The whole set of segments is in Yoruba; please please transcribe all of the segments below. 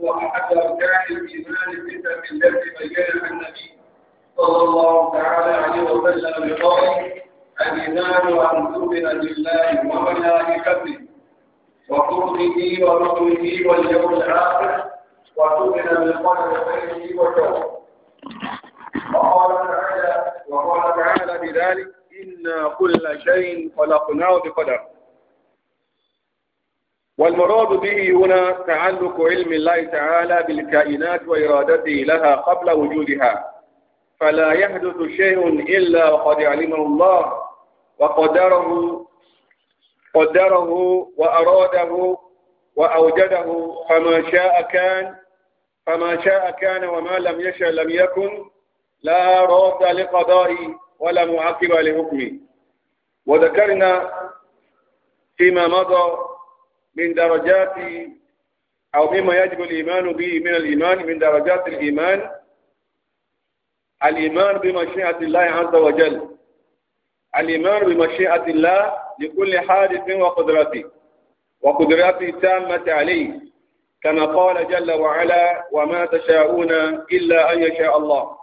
هو أحد أركان الإيمان الفتن التي بينها النبي صلى الله تعالى عليه وسلم بقوله الإيمان أن تؤمن بالله وملائكته وكتبه ورسله واليوم الآخر وتؤمن بالقدر خيره وشره وقال تعالى وقال تعالى بذلك إنا كل شيء خلقناه بقدر والمراد به هنا تعلق علم الله تعالى بالكائنات وإرادته لها قبل وجودها فلا يحدث شيء إلا وقد علمه الله وقدره قدره وأراده وأوجده فما شاء كان فما شاء كان وما لم يشاء لم يكن لا راد لقضائه ولا معقب لحكمه وذكرنا فيما مضى من درجات أو مما يجب الإيمان به من الإيمان من درجات الإيمان الإيمان بمشيئة الله عز وجل الإيمان بمشيئة الله لكل حادث وقدرته وقدرته التامة عليه كما قال جل وعلا وما تشاءون إلا أن يشاء الله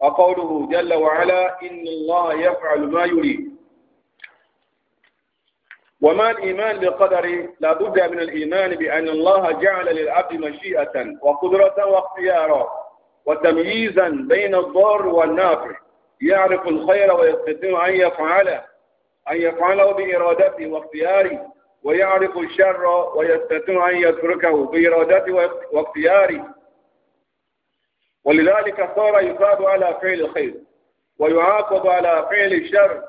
وقوله جل وعلا إن الله يفعل ما يريد وما الإيمان بالقدر لا بد من الإيمان بأن الله جعل للعبد مشيئة وقدرة واختيارا وتمييزا بين الضار والنافع يعرف الخير ويستطيع أن يفعله أن يفعله بإرادته واختياره ويعرف الشر ويستطيع أن يتركه بإرادته واختياره ولذلك صار يصاب على فعل الخير ويعاقب على فعل الشر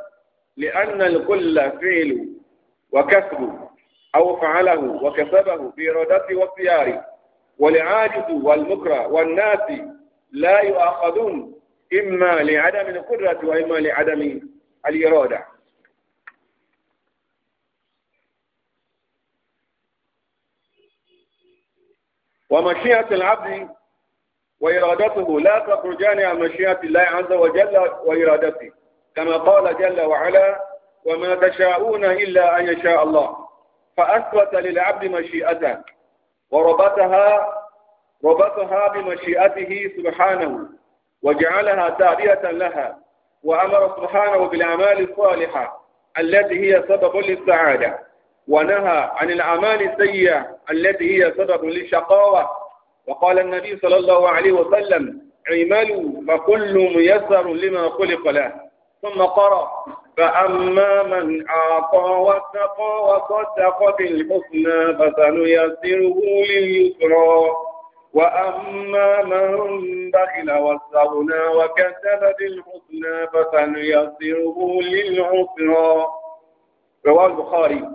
لأن الكل فعل وكسب أو فعله وكسبه بإرادته واختياره والعاجز والمكره والناس لا يؤاخذون إما لعدم القدرة وإما لعدم الإرادة ومشيئة العبد وإرادته لا تخرجان عن مشيئة الله عز وجل وإرادته كما قال جل وعلا وما تشاءون إلا أن يشاء الله فأثبت للعبد مشيئته وربطها ربطها بمشيئته سبحانه وجعلها تابعة لها وأمر سبحانه بالأعمال الصالحة التي هي سبب للسعادة ونهى عن الأعمال السيئة التي هي سبب للشقاوة وقال النبي صلى الله عليه وسلم اعملوا فكل ميسر لما خلق له ثم قرأ فأما من أعطى واتقى وصدق بالحسنى فسنيسره لليسرى وأما من بخل واستغنى وكسب بالحسنى فسنيسره للعسرى رواه البخاري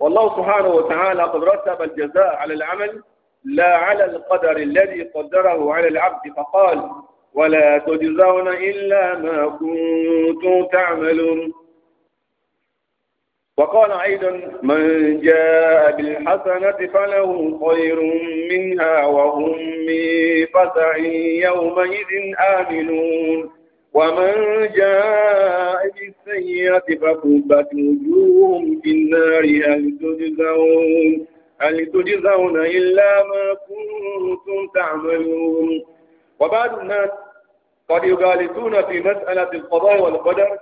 والله سبحانه وتعالى قد رتب الجزاء على العمل لا على القدر الذي قدره على العبد فقال ولا تجزون إلا ما كنتم تعملون وقال أيضا من جاء بالحسنة فله خير منها وهم من فزع يومئذ آمنون ومن جاء بالسيئة فكبت وجوههم في النار هل تجزون هل تجزون إلا ما كنتم تعملون وبعد الناس قد يجالسون في مسألة القضاء والقدر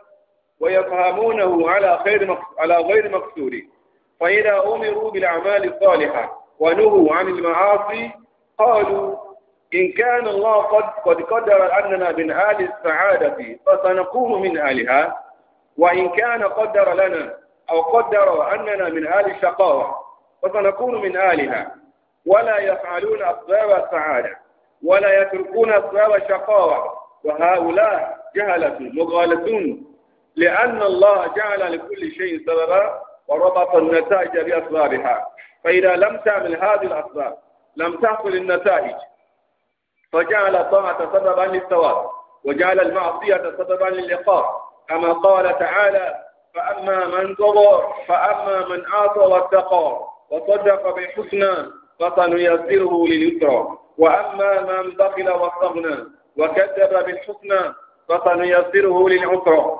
ويفهمونه على خير على غير مقصود فإذا أمروا بالأعمال الصالحة ونهوا عن المعاصي قالوا إن كان الله قد قد قدر أننا من أهل السعادة فسنكون من أهلها وإن كان قدر لنا أو قدر أننا من أهل الشقاوة فسنكون من أهلها ولا يفعلون أسباب السعادة ولا يتركون أسباب الشقاوة وهؤلاء جهلة مغالطون لأن الله جعل لكل شيء سببا وربط النتائج بأسبابها فإذا لم تعمل هذه الأسباب لم تحصل النتائج فجعل الطاعة سببا للثواب وجعل المعصية سببا للعقاب كما قال تعالى فأما من قضى فأما من أعطى واتقى وصدق بالحسنى فسنيسره لليسرى وأما من بخل واستغنى وكذب بالحسنى فسنيسره للعسرى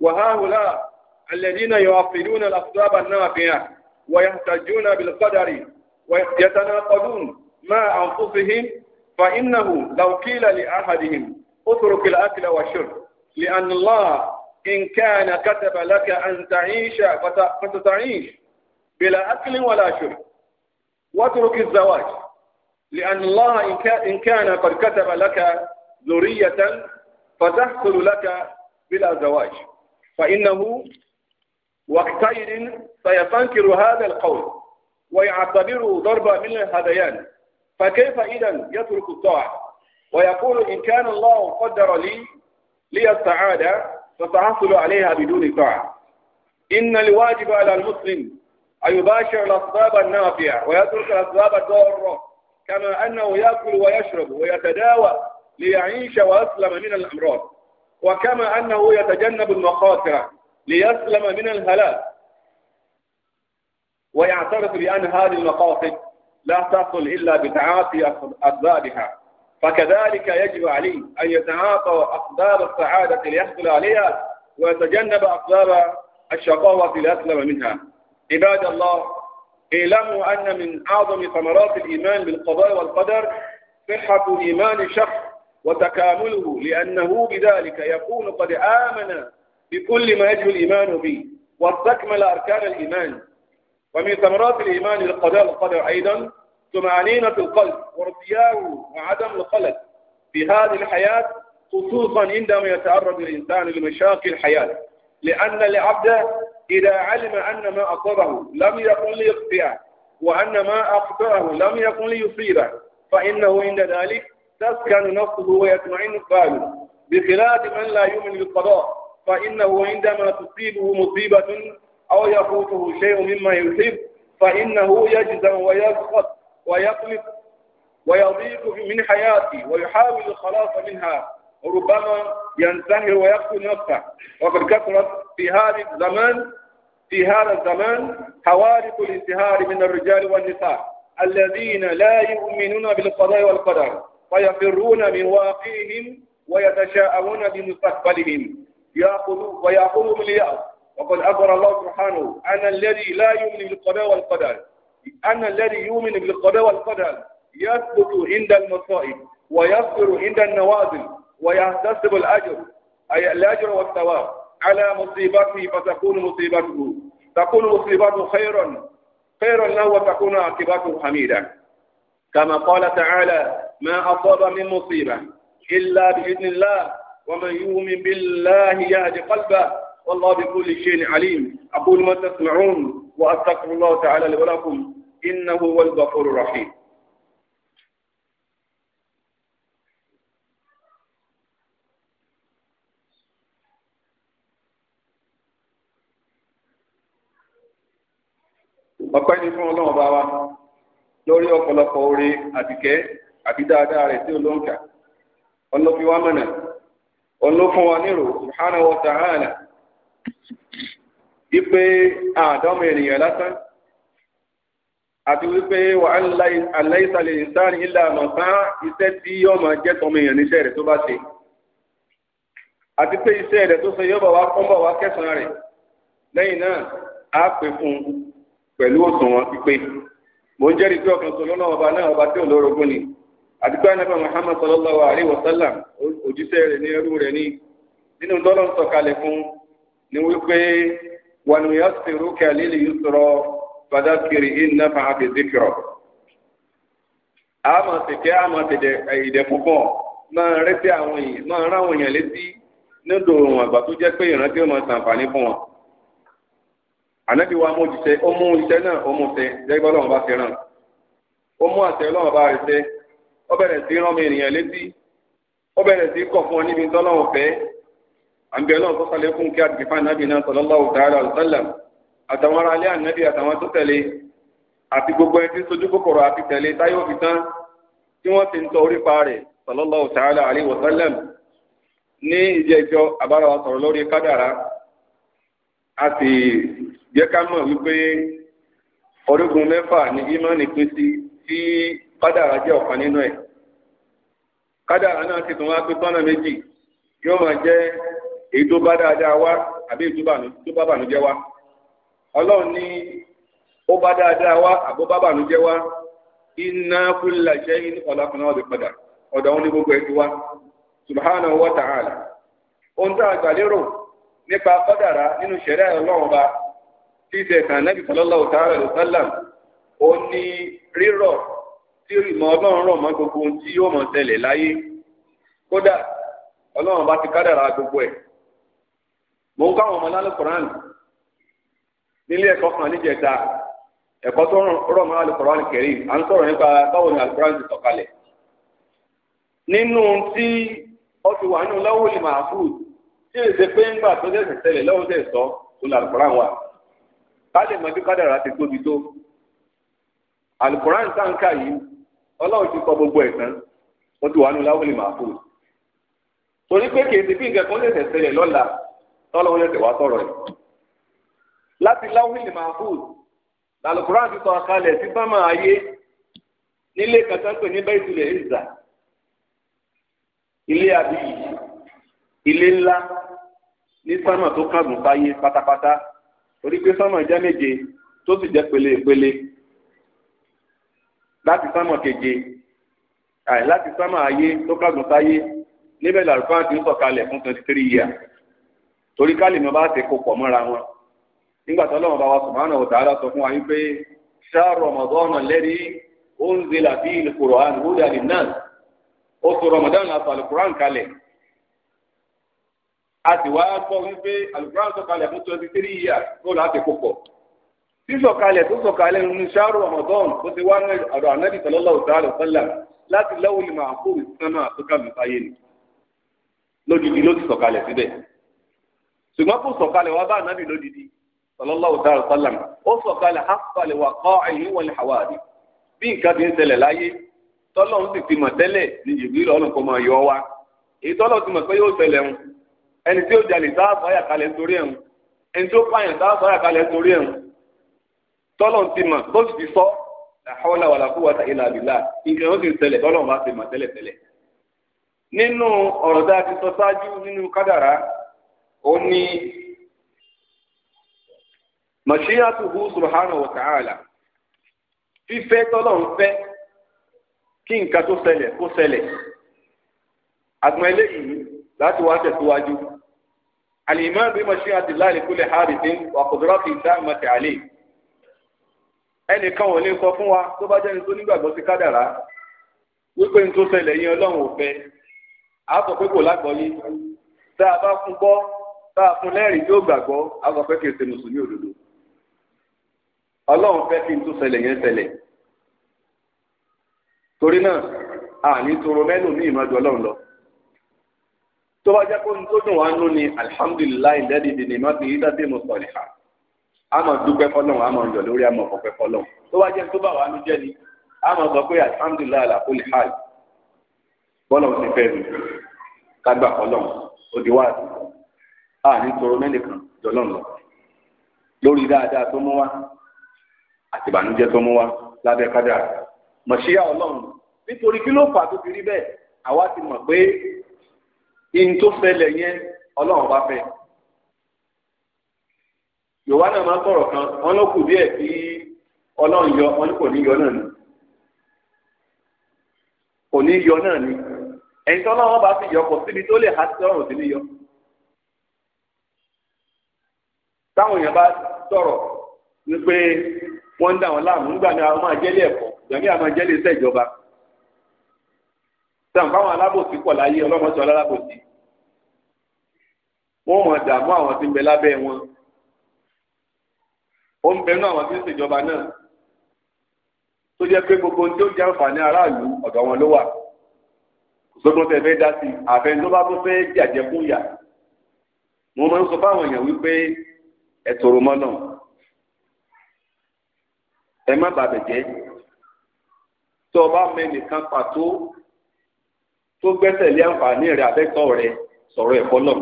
وهؤلاء الذين يعطلون الأسباب النافعة ويحتجون بالقدر ويتناقضون مع أنفسهم فإنه لو قيل لأحدهم اترك الأكل والشرب لأن الله إن كان كتب لك أن تعيش فستعيش بلا أكل ولا شرب واترك الزواج لأن الله إن كان قد كتب لك ذرية فتحصل لك بلا زواج فإنه وقتئذ سيستنكر هذا القول ويعتبره ضربة من الهذيان فكيف إذا يترك الطاعة ويقول إن كان الله قدر لي لي السعادة فسأحصل عليها بدون طاعة إن الواجب على المسلم أن يباشر الأسباب النافعة ويترك الأسباب الضارة كما أنه يأكل ويشرب ويتداوى ليعيش ويسلم من الأمراض وكما أنه يتجنب المخاطر ليسلم من الهلاك ويعترف بأن هذه المقاصد لا تحصل إلا بتعاطي أسبابها فكذلك يجب عليه أن يتعاطى أسباب السعادة ليحصل عليها ويتجنب أسباب الشقاوة ليسلم منها عباد الله اعلموا أن من أعظم ثمرات الإيمان بالقضاء والقدر صحة إيمان الشخص وتكامله لأنه بذلك يكون قد آمن بكل ما يجب الإيمان به واستكمل أركان الإيمان ومن ثمرات الإيمان القضاء القدر أيضا طمأنينة القلب وارتياه وعدم القلق في هذه الحياة خصوصا عندما يتعرض الإنسان لمشاكل الحياة لأن العبد إذا علم أن ما أصابه لم يكن ليخطئه وأن ما أخطأه لم يكن ليصيبه فإنه عند ذلك تسكن نفسه ويطمئن قلبه بخلاف من لا يؤمن بالقضاء فإنه عندما تصيبه مصيبة أو يفوته شيء مما يحب فإنه يجزم ويسخط ويقلق ويضيق من حياته ويحاول الخلاص منها وربما ينتهر ويقتل نفسه وقد كثرت في هذا الزمان في هذا الزمان حوادث الانتهار من الرجال والنساء الذين لا يؤمنون بالقضاء والقدر فيفرون من واقعهم ويتشاءمون بمستقبلهم يأخذوا ويأخذهم اليأس وقد أخبر الله سبحانه أنا الذي لا يؤمن بالقضاء والقدر أنا الذي يؤمن بالقضاء والقدر يثبت عند المصائب ويصبر عند النوازل ويحتسب الأجر أي الأجر والثواب على مصيبته فتكون مصيبته تكون مصيبته خيرا خيرا له وتكون عاقبته حميدة كما قال تعالى ما أصاب من مصيبة إلا بإذن الله ومن يؤمن بالله يهد قلبه والله بكل شيء عليم أقول ما تسمعون وأستغفر الله تعالى لي ولكم إنه هو الغفور الرحيم ọpẹ́ ni fún ọlọ́run bá wa lórí ọ̀pọ̀lọpọ̀ oore àtìkẹ́ àbí dáadáa rẹ̀ tí ó ló ń kà wa nírò subhanahu wa wípé àádọ́mọ ènìyàn lásán àti wípé wà aláìsàlẹ̀ ìsáàrin ilẹ̀ àmọ̀sá iṣẹ́ tí yóò máa jẹ́ tọmọ èèyàn níṣẹ́ tó bá ṣe àti pé iṣẹ́ tó ṣe yóò bọ̀ wá kọ́ bọ̀ wá kẹsàn lẹ́yìn náà pè fún pẹ̀lú òṣùwọ̀n pípé mo ń jẹ́rìí pé ọkàn sọ lọ́nà ọba náà ọba tí ò lórogún ni àdúgbò anábà Muhammad sallallahu alayhi wa sallam òjíṣẹ́ rẹ̀ ní ẹrú rẹ̀ ní nínú dọ́là ń sọ̀kalẹ̀ fún ni wípé wọn yà sèrú kẹlẹ́lì yìí sọ̀rọ̀ fàdákìrì iná fàáfi zikirọ̀ àmọ̀ tẹ̀kẹ́ àmọ̀ tẹ̀dẹ̀ ìdẹ̀ púpọ̀ máa rẹ́tí àwọn èèyàn máa rán àwọn èèyàn létí nídò wọn àgbà tó jẹ́ pé ìrántí ó máa fún wọn. ànábì wa mú òjíṣẹ́ ó mú iṣẹ́ náà ó mú ṣe jẹ́ gbọ́dọ̀ bá ṣe ràn ó mú àṣẹ ọlọ́wọ́n bá rẹ̀ ṣe ó bẹ̀rẹ̀ sí rán mi ènìyàn létí ó bẹ̀rẹ̀ sí kọ̀ fún ọ níbi tọ́lọ́wọ̀ fẹ́ àǹbẹ̀ náà tó sálẹ̀ fún kí àdìgbà nàbì náà sallallahu ta'ala alaihi wasallam àtàwọn ará ilé ànábì àtàwọn tó tẹ̀lé àti gbogbo ẹni tí sojú kòkòrò àti tẹ̀lé táyé òfin tán tí wọ́n ti ń tọ orí pa rẹ̀ sallallahu ta'ala alaihi wasallam ní ìjẹ́jọ́ àbára wa sọ̀rọ̀ lórí kádàrá a sì jẹ́ ká mọ̀ wípé orígun mẹ́fà ni ìmánì pín sí tí kádàrá jẹ́ ọ̀kan nínú ẹ̀ kádàrá náà ti tún wá pé tọ́nà méjì yóò máa jẹ́ èyí tó bá dáadáa wá àbí èyí tó bá bànújẹ́ wá ọlọ́run ní ó bá dáadáa wá àbó bá bànújẹ́ wá inna wa ta'ala ohun nípa nínú ọlọ́run tí náà bí tí ìmọ̀ ọlọ́run rọ̀ mọ́ gbogbo ohun tí yóò mọ̀ tẹ̀lẹ̀ láyé kódà ọlọ́run bá ti kádàrà gbogbo ẹ̀ mò ń káwọn ọmọ lálùkùránì nílé ẹ̀kọ́ kan níjẹta ẹ̀kọ́ tó rọ̀ mọ́ alùkùránì kẹrin à ń sọ̀rọ̀ nípa báwo ni ti nínú tí ó ti wà nínú lọ́wọ́ tí ṣe pé ńgbà tó ṣẹ̀ṣẹ̀ lọ́wọ́ sọ ọlọ́run ti kọ gbogbo ẹ̀sán wọ́n ti wà nínú láwùlì màáfù torí pé kèsì bí nǹkan kan lè tẹ̀sẹ̀ rẹ̀ lọ́la tọ́lọ́ wọlé tẹ̀wá sọ̀rọ̀ ẹ̀ láti láwùlì màáfù làlùkùrán ti sọ àkàlẹ̀ sí sánmà ayé nílé kankan pè ní bẹ́ẹ̀ ìtulẹ̀ ìzà ilé àbíyí ilé ńlá ní sánmà tó kàdùn sáyé pátápátá torí pé sánmà jẹ́ méje tó sì jẹ́ pélépélé láti sánmọ̀ keje àì láti sánmọ̀ ayé tó kágun sáyé níbẹ̀ làrúfáà ti ń sọ̀kalẹ̀ fún twenty three years torí ká lè mọ bá ṣe kó pọ̀ mọ́ra wọn nígbà tó lọ́wọ́ bá wa subhanahu wa ta'ala sọ fún wa yín pé ṣáà rọmọdọ́nà lẹ́rí unzila fi al-Qur'an huda lin-nas oṣù rọmọdọ́n la sọ alukuran kalẹ̀ a sì wá gbọ́ wípé alukuran sọ̀kalẹ̀ fún twenty three years kó láti kó pọ̀ sísọ̀kalẹ̀ tó sọ̀kalẹ̀ nínú sáárù Ramadan tó ti wá ní ọ̀dọ̀ ànábì sallallahu ta'ala wa sallam láti lawhil mahfuz sánmà tó kà mí fáyé ni lódìdí ló ti sọ̀kalẹ̀ síbẹ̀ ṣùgbọ́n kò sọ̀kalẹ̀ wá bá ànábì lódìdí sallallahu ta'ala wa sallam ó sọ̀kalẹ̀ hafalẹ̀ wà kọ́ ẹ̀yìn wọlé hawari bí nǹkan ti ń ṣẹlẹ̀ láyé tọ́lọ́run sì ti mọ̀ tẹ́lẹ̀ ní jìbìrì ọ̀nà kò mọ̀ yọ tọ́lọ̀ ti mọ̀ tó sì ti sọ àhọ́lá wàlà kó wàtà ilà àbílà nǹkan ó sì ń tẹ̀lẹ̀ tọ́lọ̀ bá ti mọ̀ tẹ́lẹ̀ tẹ́lẹ̀. nínú ọ̀rọ̀ tá a ti sọ ṣáájú nínú kádàrá ó ní màṣíyàtúhù subhanahu wa ta'ala fífẹ́ tọ́lọ̀ ń fẹ́ kí nǹkan tó ṣẹlẹ̀ kó ṣẹlẹ̀ àgbọn eléyìí láti wá tẹ̀síwájú àlìmọ́ bí màṣíyàtúhù láì kúlẹ̀ hàrìdín wà kùdúrà fi dáhùn mọ́tẹ̀ ẹnìkan ò lè sọ fún wa tó bá jẹ́ni tó nígbàgbọ́ sí kádàrá wípé ní tó ṣẹlẹ̀ yín ọlọ́run ò fẹ́ a sọ pé kò lágbọ́yé tá a bá fún gbọ́ tá a fún lẹ́rìí yóò gbàgbọ́ a sọ pé kìí ṣe mùsùlùmí òdodo ọlọ́run fẹ́ kí ní tó ṣẹlẹ̀ yẹn ṣẹlẹ̀ torí náà àní toro mẹ́lòmíì ìmọ̀jọ ọlọ́run lọ tó bá jẹ́ kó ní tó dùn wá nú ni alihamudulilayi lẹ́dìdì ni àmọ̀ dúpẹ́ fọlọ́run àmọ̀ yọ̀ lórí àmọ̀ ọ̀pẹ́ fọlọ́run tó wá jẹ́ tó bá wà á ló jẹ́ ni àmọ̀ sọ pé alhamdulilayi alakuli hajj bọ́lọ̀ ti fẹ́ mi kágbà fọlọ́run òdi wá sí a ní tọrọ mẹ́nìkan jọlọ́n lọ lórí dáadáa tó mú wá àti ìbànújẹ́ tó mú wá lábẹ́ kádà mọ̀ṣíyá ọlọ́run nítorí kí ló fà tó fi rí bẹ́ẹ̀ àwa ti mọ̀ pé ihun tó fẹlẹ̀ yẹn ọlọ́run bá fẹ́ yorùbá náà máa ń kan wọn ló kù díẹ̀ tí ọlọ́run yọ wọn kò ní yọ náà ni kò ní yọ náà ni ẹ̀yin tó náà wọ́n bá fi yọ kò síbi tó lè há sí ọ̀rùn sí ní yọ. táwọn èèyàn bá sọ̀rọ̀ ní pé wọ́n ń dà wọ́n láàmú nígbà ní àwọn àjẹlé ẹ̀kọ́ ìgbàmí àwọn àjẹlé iṣẹ́ ìjọba. sàn fáwọn alábòsí pọ̀ láyé ọlọ́mọṣọ́ alábòsí. wọ́n mọ̀ dààmú àwọn tí ń bẹ lábẹ́ wọn ó ń bẹnu àwọn tí ń ṣèjọba náà tó jẹ́ pé gbogbo tí ó jẹ́ àǹfààní aráàlú ọ̀dọ̀ wọn ló wà kò sódò tẹ fẹ́ dá sí i àfẹn tó bá tó fẹ́ jàjẹkún yà mo máa ń sọ fáwọn èèyàn wípé ẹ tòrò mọ́ náà ẹ má bàbẹ̀ jẹ́ tó o bá mẹ́nìkan pàtó tó gbẹ́sẹ̀ lé àǹfààní rẹ̀ abẹ́tọ̀ rẹ̀ sọ̀rọ̀ ẹ̀kọ́ náà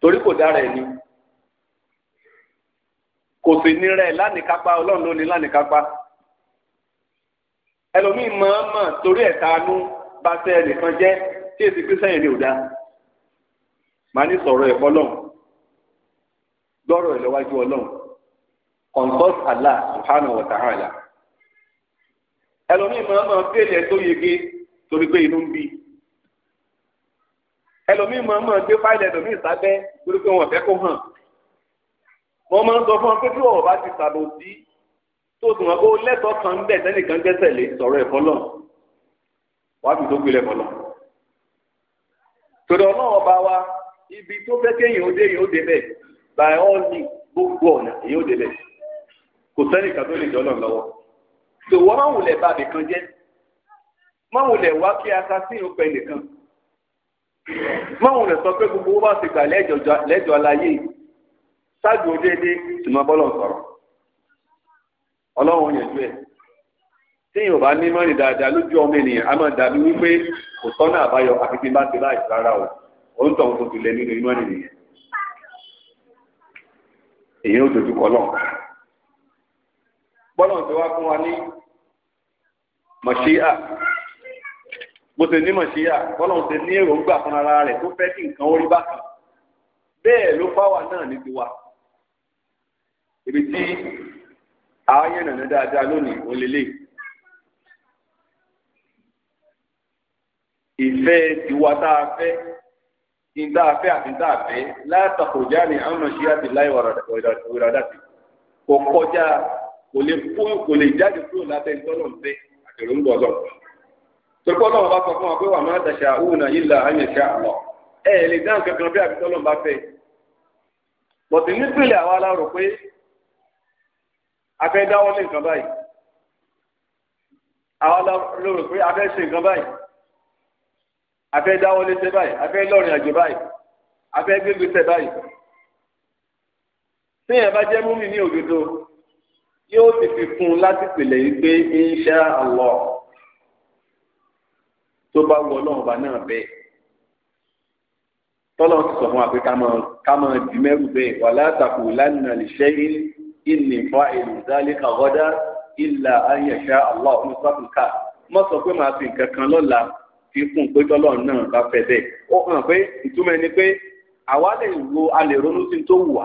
torí kò dára ẹni kò sì ní rẹ̀ lánìkápá ọlọ́run ló ní lánìkápá ẹlòmíín mọ̀ọ́mọ̀ torí ẹ̀ta anú bá tẹ ẹnìkan jẹ́ tí èsì pín sẹ́yìn ní òdá màá ní sọ̀rọ̀ ẹ̀kọ́ lọ́hùn gbọ́rọ̀ ẹ̀ lọ́wájú ọlọ́run consult Allah subhanahu wa ta'ala ẹlòmíín mọ̀ọ́mọ̀ fèlè ẹ̀ tó yege torí pé inú ń bí ẹlòmíín mọ̀ọ́mọ̀ gbé fáìlì ẹlòmíín sábẹ́ torí pé wọn fẹ́ kó hàn wọ́n máa ń sọ fún ọ pé bí wọ́n bá ti sàbò sí tó sì wọ́n kó lẹ́tọ̀ọ́ kan ń bẹ̀ sẹ́nìkan gbẹ́sẹ̀ lé sọ̀rọ̀ ẹ̀fọ́ lọ wàá fi tó gbilẹ̀ fọ́ lọ. tòdò ọlọ́run ọba wa ibi tó fẹ́ kéèyàn ó dé èèyàn ó dé by all means gbogbo ọ̀nà èèyàn ó dé bẹ́ẹ̀ kò sẹ́nìkan tó lè jọ náà lọ́wọ́ tòwọ́ máa wulẹ̀ bá nìkan jẹ́ máa wulẹ̀ wá kí assassin ó pẹ nìkan máa wulẹ̀ sọ pé gbogbo owó bá ti gbà lẹ́jọ́ ṣáàjú déédéé tùmọ̀ bọ́lọ̀ sọ̀rọ̀ ọlọ́run yẹn ju ẹ̀ téèyàn ò bá ní mọ́ni dáadáa lójú ọmọ ènìyàn á máa dàbí wípé kò tọ́nà àbáyọ àfikún bá ti láì rárá o òun tọ̀ tó ti lẹ nínú iná nìyẹn èyí ó dojú kọlọ̀ bọ́lọ̀ tí wá fún wa ní mọ̀ṣíà bó ṣe ní mọ̀ṣíà bọ́lọ̀ ṣe ní èròǹgbà fún rẹ̀ tó fẹ́ kí nǹkan ó rí bákan bẹ́ẹ̀ ló fáwa náà ní tiwa ibi tí ààyè nàná dáadáa lónìí ò lélẹ̀. ìfẹ́ tiwa tá a fẹ́ kí n tá a fẹ́ àti n tá a fẹ́ látàkùn jáde àwọn ọ̀nà ṣíyá ti láì wàràdà sí kò kọjá kò lè kó kò lè jáde kúrò lábẹ́ ìtọ́nà ńfẹ́ àtẹ̀rù ń bọ̀ lọ. torí pọ́n náà bá sọ fún wa pé wà máa dàṣà òun náà yìí là á ṣá lọ. ẹ lè dáhùn kankan bí àbítọ́nà bá fẹ́. bọ̀tí nípìnlẹ̀ àwa la rò pé afẹ́ dáwọ́ lé nǹkan báyìí àwọn lórí pé afẹ́ ṣe nǹkan báyìí afẹ́ dáwọ́ lé ṣe báyìí afẹ́ lọ́rìn àjò báyìí afẹ́ gbégbé ṣe báyìí téèyàn bá jẹ́ múmi ní òdodo yóò ti fi kún un láti pèlè yìí pé insha Allah tó bá wọ ọlọ́run ọba náà bẹ́ẹ̀ tọ́lọ́ ti sọ fún wa pé ká máa dì mẹ́rù bẹ́ẹ̀ wala taqūlanna li shay'in ìní fa ìlú dálé kàwọ́dá ìlà ayẹ̀ṣẹ́ àlọ́ ọ̀nùsọ́kùnkà mọ́ sọ pé màá fi nǹkan kan lọ́la fi kún pé tọ́lọ́ náà bá fẹ́ bẹ́ẹ̀ ó hàn pé ìtumọ̀ ẹni pé àwa lè wo a lè ronú sí tó wù wá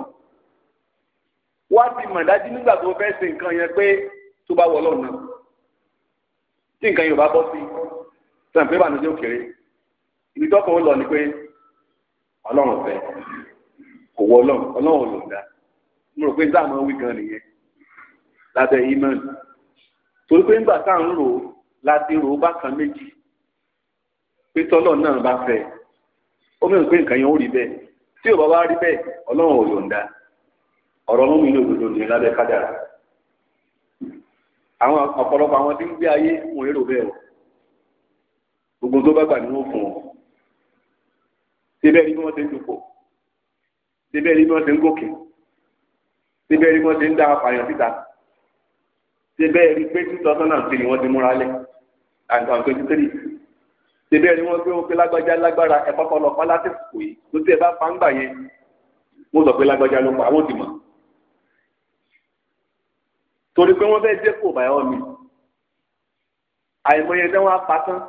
wá ti mọ̀ dájú nígbà tó fẹ́ ṣe nǹkan yẹn pé tó bá wọ lọ́nà tí nǹkan yóò bá bọ́ sí sọ̀rọ̀ pé bàánú tí ó kéré ibi ó lọ ni pé ọlọ́run fẹ́ kò wọ ọlọ́run ọlọ́run ló ń dá mo rò pé nígbà máa ń wí gan nìyẹn lábẹ́ imán torí pé nígbà tá à ń rò ó láti rò ó bákan méjì pé tọ́lọ̀ náà bá fẹ́ ó mẹ́rin pé nǹkan yẹn ó rí bẹ́ẹ̀ tí ò bá wá rí bẹ́ẹ̀ ọlọ́run ò yọ̀ǹda ọ̀rọ̀ ọlọ́run ilé òdodo nìyẹn lábẹ́ kádàrá àwọn ọ̀pọ̀lọpọ̀ àwọn tí ń gbé ayé wọn èrò bẹ́ẹ̀ o gbogbo tó bá gbà ní wọn fún ọ síbẹ̀ ni wọ́n ti ń dupò síbẹ̀ ni wọ́n ti ń gòkè síbẹ̀ rí wọ́n ti ń dá apààyàn síta síbẹ̀ rí pé two thousand and three wọ́n ti múra lẹ̀ àǹtàn twenty three síbẹ̀ rí wọ́n pé wọ́n pé lágbájá lágbára ẹ kọ́kọ́ lọ pa látìkù yìí tó tẹ̀ bá pa ń gbà yẹn wọ́n sọ pé lágbájá ló pa àwọn ti mọ̀ torí pé wọ́n fẹ́ jẹ́ kò báyọ̀ mi àìmọye tẹ́ wọ́n á pa tán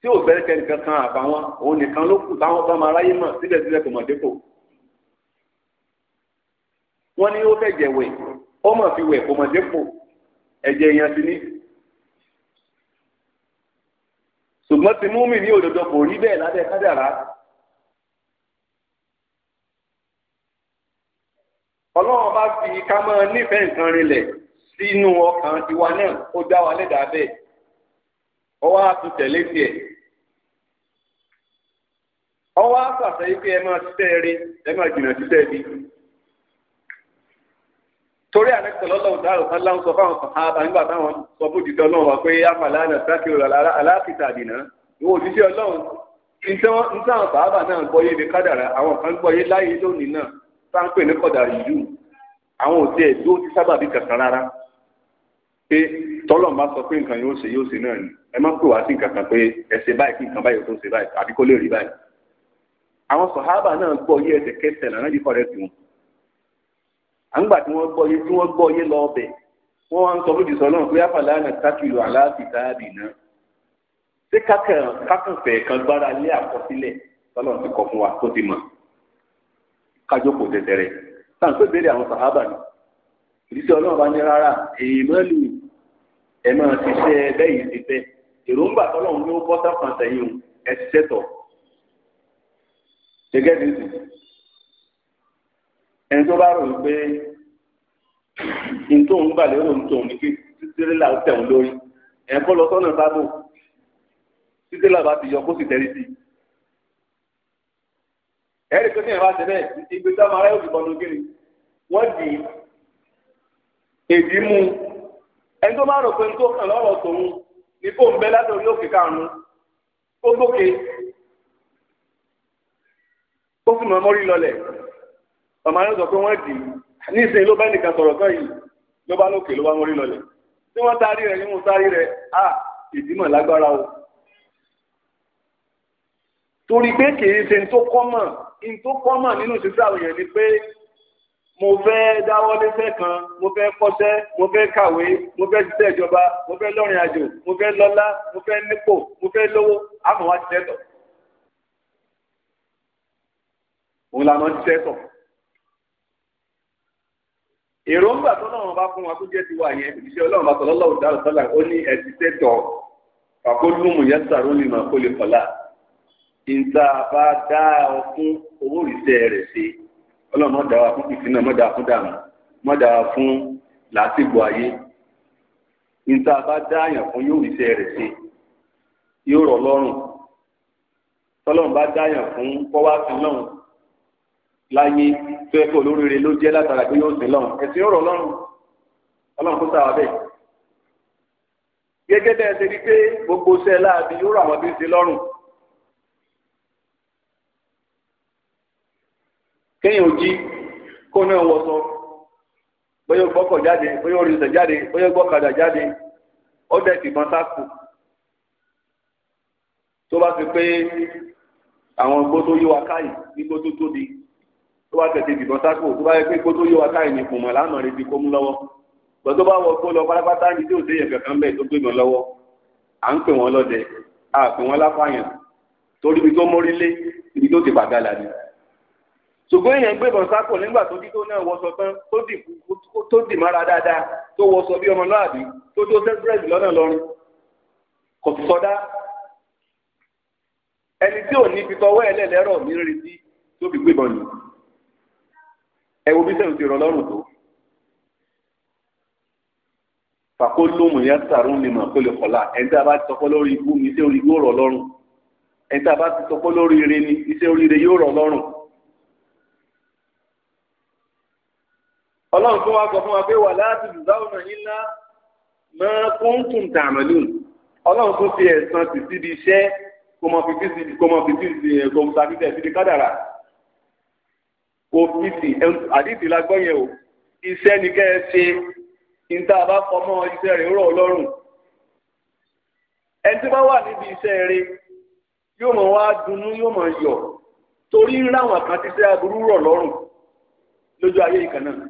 tí ò bẹ́ẹ̀ kẹ́nìkan kan àbáwọn òun nìkan ló kù táwọn bá máa ráyé mọ̀ síbẹ̀síbẹ̀ kò mọ̀ dépò. Wọn ni ó fẹ̀jẹ̀ wẹ, o ma fi wẹ kó mọ̀ dépò ẹ̀jẹ̀ èèyàn ní. ṣùgbọ́n ti mú ní òdodo kò rí bẹ́ẹ̀ lábẹ́ kádàrá. ọlọ́run bá fi ká máa nífẹ̀ẹ́ nǹkan rinlẹ̀ sínú ọkàn tiwa náà ó dá wa lẹ́dàá bẹ́ẹ̀ ọwọ́ á tẹ̀lé tiẹ̀ ọwọ́ pé ẹ máa ṣiṣẹ́ rí ẹ máa jìnnà ṣiṣẹ́ torí àlẹ́sọ̀lọ́lọ́wọ́ dáhùn sáláhùn sọ fáwọn sàhábà nígbà táwọn sọ bó dìde ọlọ́run wá pé àfàlà àná sákìrò aláàfíìsà àdìnà ìwọ òjíṣẹ́ ọlọ́run nítawọn sàhábà náà gbọ́yé ní kádàrà àwọn kan gbọ́yé láyé lónìí náà sáńpẹ̀ ní kọ̀dàrí yìí àwọn òtí ẹ̀ tó ti sábà bí kankan rárá pé tọ́lọ̀ bá sọ pé nǹkan yóò ṣe yóò ṣe náà ni ẹ má pè wá sí nǹkan kan pé ẹ ṣe báyìí kí nǹkan báyìí tó ṣe báyìí àbí kó lè rí báyìí àwọn sàhábà náà gbọ́yé ẹsẹ̀ kẹsẹ̀ lànà àǹgbà tí wọ́n gbọ́ yé tí wọ́n gbọ́ yé lọ ọbẹ̀ wọ́n wá ń sọ fún ìsọ̀ náà pé àfàlà àná sákìlù aláàbì táàbì náà ṣé kákànfẹ̀ kan gbára lé àkọsílẹ̀ tọ́lọ́run ti kọ fún wa tó ti mọ̀ kájókòó tẹ̀tẹ̀rẹ̀ táà ń pè béèrè àwọn sàhábà ni ìdíṣẹ́ ọlọ́run bá ní rárá èyí mọ́lù ẹ̀ máa ṣiṣẹ́ bẹ́ẹ̀ ti fẹ́ èròǹgbà tọ́lọ́run ló bọ́ sáfàǹtẹ̀yìn ẹni tó bá rò ó pé ntòun ń gbàlẹ́ òun tòun ní kí títírélà ó tẹ̀wọ̀n lórí ẹ̀ kọ́ lọ sọ́nà sábò títírélà bá ti yọ kó sì tẹ́rí sí i. ẹ̀rí tó ní ẹ̀rọ àtẹ̀lẹ̀ ìgbé táwọn ará yóò fi bọ́nu kiri wọ́n di èdè mú ẹni tó bá rò pé ntòun kàn lọ́rọ̀ tòun ní kó ń bẹ látòrí òkè karùn-ún kó gòkè fún mọ́mọ́rí lọlẹ̀ ọmọ rẹ sọ pé wọ́n dì í ní ìsìn ló bá nìkan sọ̀rọ̀ kan yìí ló bá lókè ló bá mórí lọlẹ̀ tí wọ́n taari rẹ̀ yín mo taari rẹ̀ a ìdímọ̀ lágbára o torí pé kìí ṣe ní tó kọ́mọ̀ ní tó kọ́mọ̀ nínú ìṣiṣẹ́ àwọn èèyàn ni pé mo fẹ́ dáwọ́ lẹ́sẹ̀ kan mo fẹ́ kọ́ṣẹ́ mo fẹ́ kàwé mo fẹ́ ṣiṣẹ́ ìjọba mo fẹ́ lọ́rìn àjò mo fẹ́ lọ́lá mo fẹ́ nípò mo fẹ́ lówó àmọ́ wá ti tẹ́tọ̀ òun làwọn ti tẹ́tọ̀ èròǹgbà tó lọ́wọ́ bá fún wa tó jẹ́ tiwa yẹn ìṣe ọlọ́run bá sọ̀rọ̀ lọ́wọ́ dáhùn sọ́là ó ní ẹtì tẹ́tọ̀ fàkólúmù yẹn sàrò lè máa kó lè fọlá ìta bá dá ọ fún owó ìṣe rẹ̀ sí ọlọ́run má dá wa fún ìfínà má dá wa fún dààmú má dá wa fún làásìgbò ayé ìta bá dá àyàn fún yóò ìṣe rẹ̀ sí yóò rọ̀ lọ́rùn tọ́lọ́run bá dá àyàn fún kọ́wá sí lọ́rùn láyé tó ẹ̀kọ́ olóríire ló jẹ́ látara pé yóò sìn lọ́run ẹ̀sìn ọ̀rọ̀ lọ́run ọlọ́run kó sáwà bẹ́ẹ̀. gẹ́gẹ́ bẹ́ẹ̀ ṣe rí pé gbogbo iṣẹ́ láàbí yóò rọ àwọn tó ń ṣe lọ́rùn. kéèyàn ò jí kó náà wọ sọ bóyá ó gbọ́kọ̀ jáde bóyá ó rí ìṣẹ̀ jáde bóyá ó gbọ́kadà jáde ó tìbọn sáàkù tó bá ti pé àwọn gbótó yíwa káyì ní gbótó tóbi tó bá tètè dìbọn sápò tó bá yẹ pé kó tó yé wa káyìn ní kùn mọ̀ láàmú rẹ ti kó mú lọ́wọ́ gbọ́dọ̀ bá wọ kó lọ pátápátá ní tí ò séyẹ kankan bẹ́ẹ̀ tó gbé wọn lọ́wọ́ à ń pè wọn lọ́dẹ à pè wọn lápáyàn torí ibi tó mórí lé ibi tó ti pàgàlà ni ṣùgbọ́n èèyàn gbébọn sápò nígbà tó dí tó náà wọṣọ tán tó dì mára dáadáa tó wọṣọ bí ọmọlúàbí tó tó sẹ́sírẹ́sì lọ́nà lọ́rùn kò tó sọdá ẹni tí ò ní fi tọwọ́ ẹlẹ́lẹ́rọ̀ mi retí tó fi gbébọn nìyí ẹ wo bí sẹ́wọ̀n ti rọ lọ́rùn tó fàkólómù yá sàrún ni màá kólé kọ́lá ẹni tá a bá ti sọpọ́ lórí ikú ni iṣẹ́ orí yóò rọ̀ lọ́rùn ẹni tá a bá ti sọpọ́ lórí ire ni iṣẹ́ oríire yóò rọ̀ lọ́rùn. ọlọ́run tó wá sọ fún wa pé wà láti lùdáwọ̀n náà yín ná máa kún tún tààmìlù ọlọ́run tó fi ẹ̀sán sí síbi iṣẹ́ kó mọ fi sí kó mọ fi sí kó mọ fi sí kádàrà. òfìsì àdìsí la gbọ́ yẹn o iṣẹ́ ni kẹ́ ẹ ṣe kí tá a bá fọmọ́ iṣẹ́ rẹ̀ rọ̀ lọ́rùn ẹni tí bá wà níbi iṣẹ́ rẹ̀ yóò mọ̀ wá dunnú yóò mọ̀ yọ̀ torí ń ráwọn kan ti ṣe aburú rọ̀ lọ́rùn lójú ayé ìkan náà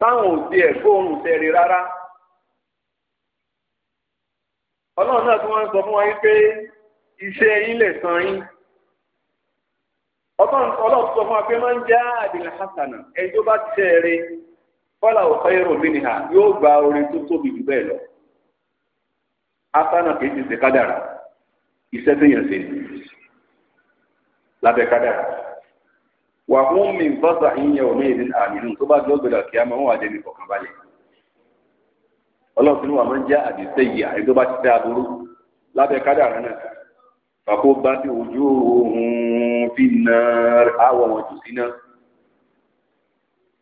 táwọn ò tiẹ̀ gbóòórùn tẹ̀rẹ̀ rárá ọlọ́run náà tí wọ́n ń sọ fún wa yín pé iṣẹ́ yín lè san yín. ọlọ́run ọlọ́run sọ fún wa pé máa ń já àdìlẹ̀ hasana ẹni tó bá tẹ̀rẹ̀ fọlá òfẹ́ ìròmí nìhà yóò gba orin tó tóbi jù bẹ́ẹ̀ lọ hasana kì í ti ṣe kádàrà iṣẹ́ tó yàn ṣe lábẹ́ kádàrà wà fún mi bọ́sà ìyẹn òní ìdí àmínú tó bá jọ́ gbẹdọ̀ kí a máa wà débi kọ̀ọ̀kan balẹ̀ ọlọ́run tó ní máa ń já àdìsẹ́ yìí àyè tó bá ti tẹ́ aburú lábẹ́ kádàrà náà fàkó bá ti ojú ohun fi na àwọn wọn jù síná.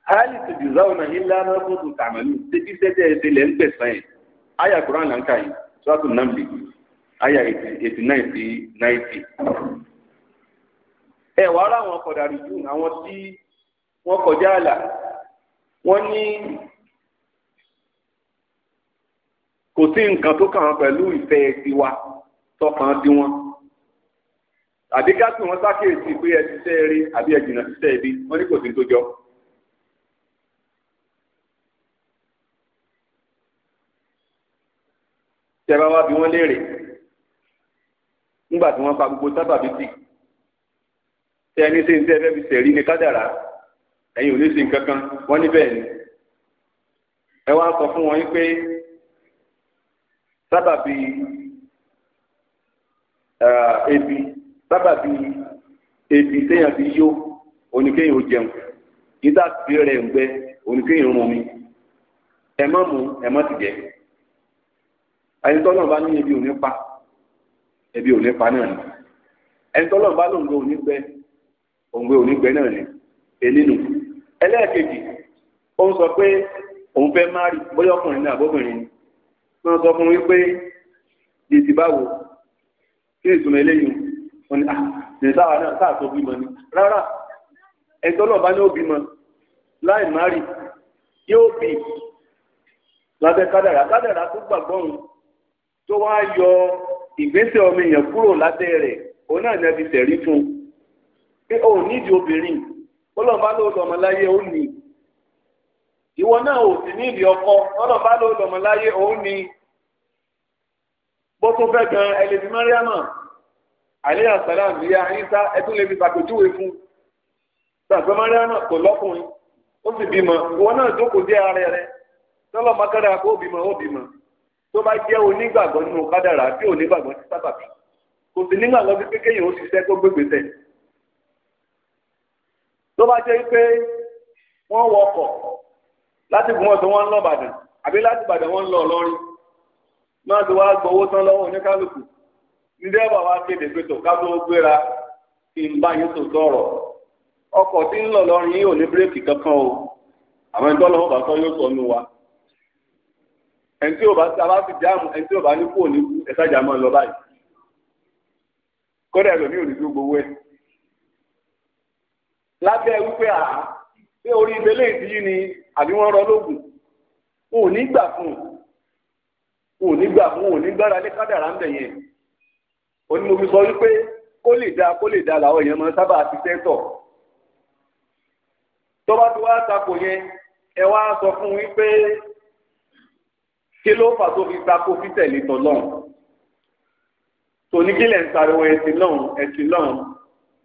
hali tòjú záwọn náà ńlá náà fún tòun tàmílù tẹbí sẹtẹ ẹsẹ lẹ ń gbẹsán yẹn àyà kuran là ń kà yìí sọ́tù nàmbì àyà eighty nine sí ninety. ẹ wàá rà wọn kọ̀dà àwọn tí wọ́n kọjá àlà wọ́n ní kò sí nǹkan tó kàn án pẹ̀lú ìfẹ́ tiwa tọkàn tiwọn àbí ká tún wọn sákèésì pé ẹ ti sẹ́ eré àbí ẹ jìnnà sí sẹ́ ibi wọn ní kò sí tó jọ. tẹ́lá wá bí wọ́n léèrè nígbà tí wọ́n fa gbogbo sábàbí tì tẹ́ ẹni sí ní tẹ́ fẹ́ ní kádàrá ẹ̀yin ò ní sí nǹkan wọ́n ní bẹ́ẹ̀ ni ẹ wá sọ fún wọn yín pé sábàbí ebi sábàbí ebi téèyàn fi yó oníkéyìn ó jẹun ìdá tí rẹ̀ ń gbẹ oníkéyìn rún mi ẹ má mú ẹ má ti jẹ ẹni bá ní ebi ò pa ebi ò pa náà ni ẹni tọ́lọ́ bá lòǹgbẹ ò ní gbẹ òǹgbẹ ò náà ni elénu ẹlẹ́ẹ̀kejì ó ń sọ pé òun fẹ́ má rí bóyá ọkùnrin náà bóbìnrin ni wọ́n sọ fún wípé dìtì báwo kí ìtumọ̀ eléyìí wọ́n ní àtẹ̀sáwà ah, náà sáà tó bímọ ni rárá ẹ̀tọ́ lọ́ba ní ó bímọ láì má rí yóò bì lábẹ́ kádàrá kádàrá tó gbàgbọ́ òun tó wá yọ ìgbésẹ̀ ọmọ èèyàn kúrò lábẹ́ rẹ̀ òun náà ní ẹbí tẹ̀rí fún un pé òun nídìí obìnrin ọlọ́ba ló lọ́mọ láyé ó ní ìwọ náà ò sì ní ìdí ọkọ ọlọ́ba ló ó ní bó tún fẹ́ gan ẹlẹ́dìí mọ́ríámà àlẹ́ àṣàlá àmìyá ayíṣá ẹtún lè fi ṣàpèjúwe fún ṣàṣọ mọ́ríà náà kò lọ́kùnrin ó sì bímọ ìwọ náà jókòó dé ara rẹ tọ́lọ́ makara kó bímọ ó bímọ tó bá jẹ́ onígbàgbọ́ nínú kádàrá tí onígbàgbọ́ ti sábàbí kò sí nígbàgbọ́ pé kéèyàn ó ṣiṣẹ́ kó gbégbé tẹ̀ tó bá jẹ́ pé wọ́n wọ ọkọ̀ láti gùn ọ̀sán wọn lọ Ìbàdàn àbí láti Ìbàdàn wọn lọ Ìlọrin máa ti wá gbowó tán lọ́wọ́ oníkálukú ndị ẹ bá wá kéde pé tó gbéra kí n bá yín tó o àwọn ẹni tọ́lọ́wọ́ bá sọ yóò sọ nù wa ẹni tí ò bá sábà ti jáàmù ẹni tí ò bá ní kú òní kú lọ báyìí kódà ẹlòmíì ò ní tó gbowó ẹ lábẹ́ wípé à orí ìdíyí ni àbí wọ́n rọ lóògùn ò ní gbà fún ò ní gbà fún ò ní gbára kádàrá ń onímọ̀bí sọ wípé kó lè da kó lè da làwọn èèyàn máa sábà ti tẹ́tọ̀ tó bá ti wá takò yẹn ẹ wá sọ fún wípé kí ló fà tó fi takò fi tẹ̀lé tọlọ́run tòní kílẹ̀ ń sariwo ẹ̀sìn lọ́hùn ẹ̀sìn lọ́hùn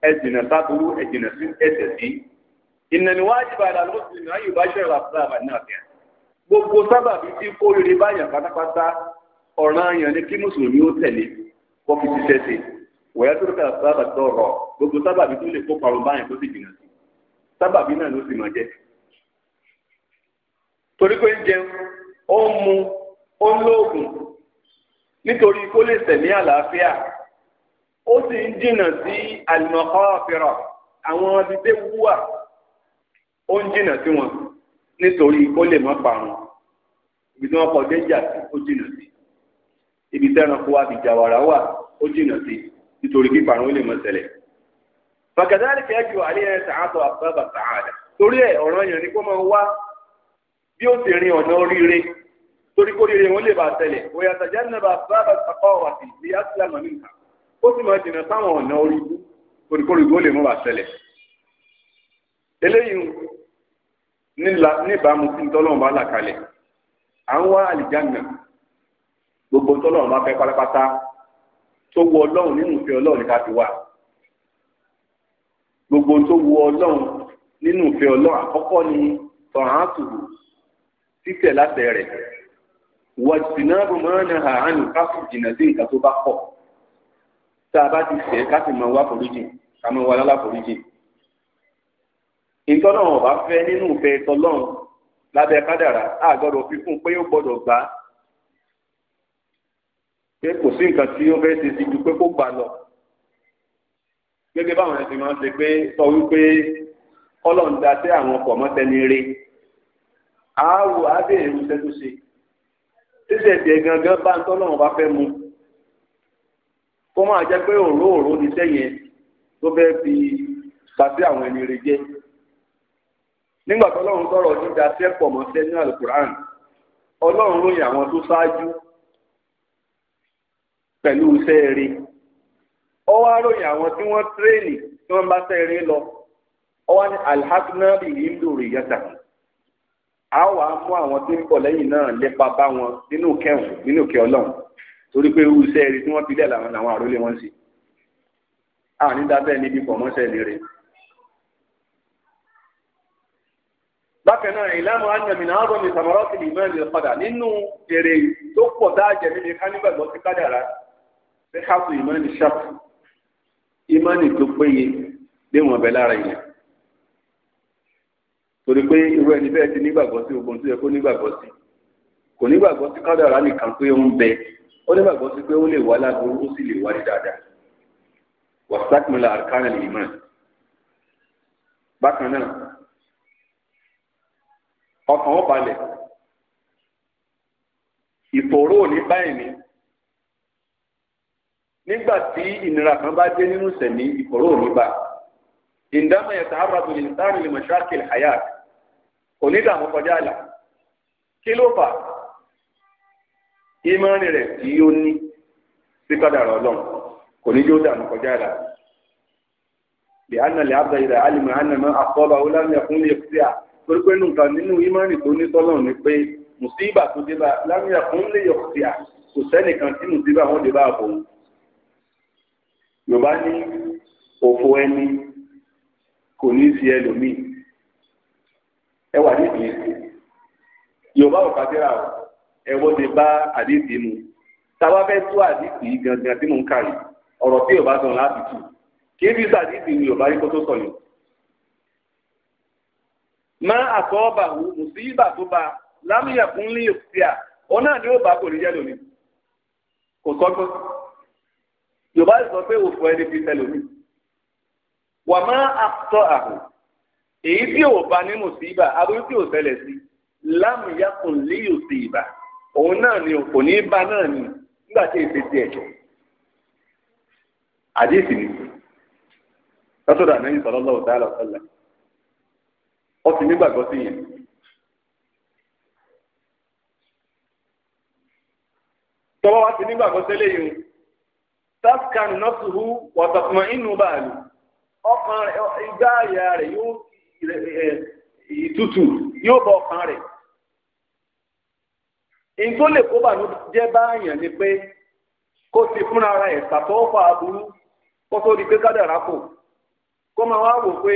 ẹ̀jìnà sábúrú ẹ̀jìnà sí ẹ̀sẹ̀ sí ìnàní wájibà àdàlù mùsùlùmí ayò bá ṣẹ̀rọ àbúrò àbàdàn àbíyàn gbogbo sábàbí tí kórìíra báyàn pátápátá ọ̀ràn àyàn ni kí mùsùlùmí ó tẹ̀lé wọ́n fi ti tẹ̀sí wọ̀nyá tó dọ́kà sábà tọrọ gbogbo sábàbí tó lè kó parun báyìí tó sì jìnnà sí sábàbí náà ló sì mọ̀ jẹ́ torí pé ń jẹun ó ń mu ó ń lóògùn nítorí kó lè sẹ̀mí àlàáfíà ó sì ń jìnnà sí àlùmọ̀kọ́ọ̀fẹ́rọ̀ àwọn adìdé wúwà ó ń jìnnà sí wọn nítorí kó lè má parun ibi tí déjà sí ó jìnnà sí ibi tẹ́ranko wa bìjà wàrà wà ó jìnà sí nítorí píparun ó lè mọ ṣẹlẹ̀. bàkàdáàlì kẹ́jọ àlẹ́ ẹ̀ sàátọ̀ àbábà sàádà torí ẹ̀ ọ̀ràn yẹn ni kó máa wá bí ó sì rin ọ̀nà oríire torí kó rire wọn lè bá ṣẹlẹ̀ òyà tàjà nàbà bàbà sàkọ́ wà sí ní asílámù ó sì máa jìnà sáwọn ọ̀nà orí torí kó rire lè mọ́ bá ṣẹlẹ̀. eléyìí níbàámu sí ní tọ́lọ́mù bá là à ń wá àlìjáná gbogbo tọ́lọ́run bá fẹ́ pátápátá tó wu ọlọ́run nínú ìfẹ́ ọlọ́run ní ká fi wà gbogbo tó wu ọlọ́run nínú ìfẹ́ ọlọ́run àkọ́kọ́ ni tọ̀hántùrù títẹ̀ láti rẹ̀ wọ̀jìnà bùmọ́nà àánú káfù jìnà sí nǹkan tó bá pọ̀ tá a bá ti fẹ́ ká sì máa wá foríjì ká máa wá lálá foríjì ìtọ́nà ọ̀bá fẹ́ nínú ìfẹ́ tọ́lọ́run lábẹ́ kádàrá àgọ́dọ̀ fífún pé ó gbọ́dọ̀ gbà á pé kò sí nǹkan tí ó fẹ́ ṣe sí ju pé kó gbà lọ gẹ́gẹ́ báwọn ẹ̀sìn máa ń ṣe pé sọ wípé ọlọ́run da sí àwọn ọkọ̀ mọ́tẹ́ni rí àáwò ábẹ́rẹ́ irúṣẹ́ tó ṣe ṣíṣe ẹ̀sìn gangan bá ń tọ́lọ́run bá fẹ́ mu kó máa jẹ́ pé òró òró níṣẹ́ yẹn tó fẹ́ fi ta sí àwọn ẹni rí jẹ́ nígbà tọ́lọ́run sọ̀rọ̀ dídá sẹ́pọ̀ mọ́tẹ́ ní alukur'an ọlọ́run ròyìn àwọn tó ṣáájú pẹ̀lú iṣẹ́ ọ wá ròyìn àwọn tí wọ́n tírèènì tí wọ́n bá sẹ́ẹ̀rí lọ ọ wá ní a wà á mú àwọn tí ń bọ̀ lẹ́yìn náà lépa bá wọn nínú kẹwọn nínú torí pé irú iṣẹ́ eré tí wọ́n làwọn làwọn wọn sí dábẹ́ níbi pọ̀ lére. bákan náà ìlànà padà nínú tó níbi sèhàtù ìmánì sàpù ìmánì tó péye déwọn ọbẹ lára yẹn torí pé irú ẹni bẹ́ẹ̀ ti nígbàgbọ́ sí ogun tó yẹ kó nígbàgbọ́ sí kò nígbàgbọ́ sí kádàrá nìkan pé ó ń bẹ ó nígbàgbọ́ sí pé ó lè wá lágbo ó sì lè wá ní dáadáa wàsákìmọ̀lá àkàrà lè mọ̀ bákan náà ọkàn ó balẹ̀ ìfòòró ò ní báyìí ní nígbà tí ìnira kan bá dé nínú sẹ̀mí ìkọ̀rọ̀ òní bá ìdámọ̀ ẹ̀ta àbàtò lè sáré lè mọ̀ṣáàkìlì hayat onídààmú kọjá àlà kí ló fà ìmọ̀rin rẹ̀ tí ó ní sí kádàrá ọlọ́run kò ní yóò dààmú kọjá àlà bí anna lè abdá ìdá alìmọ̀ anna mọ́ àkọ́bà ó lámì ẹ̀kún lè à torí pé nǹkan nínú ìmọ̀rin tó ní tọ́lọ́run ni pé mùsíbà tó dé bá lámì ẹ̀kún lè yọ̀ à kò sẹ́nìkan tí mùsíbà wọn dé bá àbòrò yorùbá ní òfò ẹni kò ní í ṣe ẹlòmíì ẹ wà nídìí yorùbá ò kàdéra ẹ wọ́n ti bá àdìsí mu táwa fẹ́ tú àdìsí gangan tí mò ń kà yìí ọ̀rọ̀ tí yorùbá sọ láti tù kí n fi sàdìsí ni yorùbá rí kó tó sọ yìí má àtọ́ọ̀bà wò mùsíbà tó bá lámìyà fún líyò sí à ni ó bá kò ní yẹ lónìí kò sọ́gbọ́n yorùbá sọ pé òfò ẹni fi tẹlómi wà má àtọ àhù èyí tí ò bá ní mùsíbà aburú tí ò ṣẹlẹ̀ sí lámùyàkùn léyò sí ìbà òun náà ni òfò ní bá náà ni nígbà tí èsì tiẹ̀ àdéhìí ni lọ́sọ̀dọ̀ ànáyìn sallallahu ta'ala wa sallam ó ti nígbàgbọ́ sí yẹn. tọ́wọ́ wá ti nígbàgbọ́ sẹ́lẹ̀ yìí taskanu nafsuhu wa tatma'innu ọkàn igbá àyà rẹ̀ yóò ìtutù yóò bọ ọkàn rẹ̀ nǹkan tó lè kó bàánú jẹ́ báyàn ni pé kó ti fúnra ara ẹ̀ ṣàtọ́fà aburú kó tó di pé kádàrá kò kó máa wá wò pé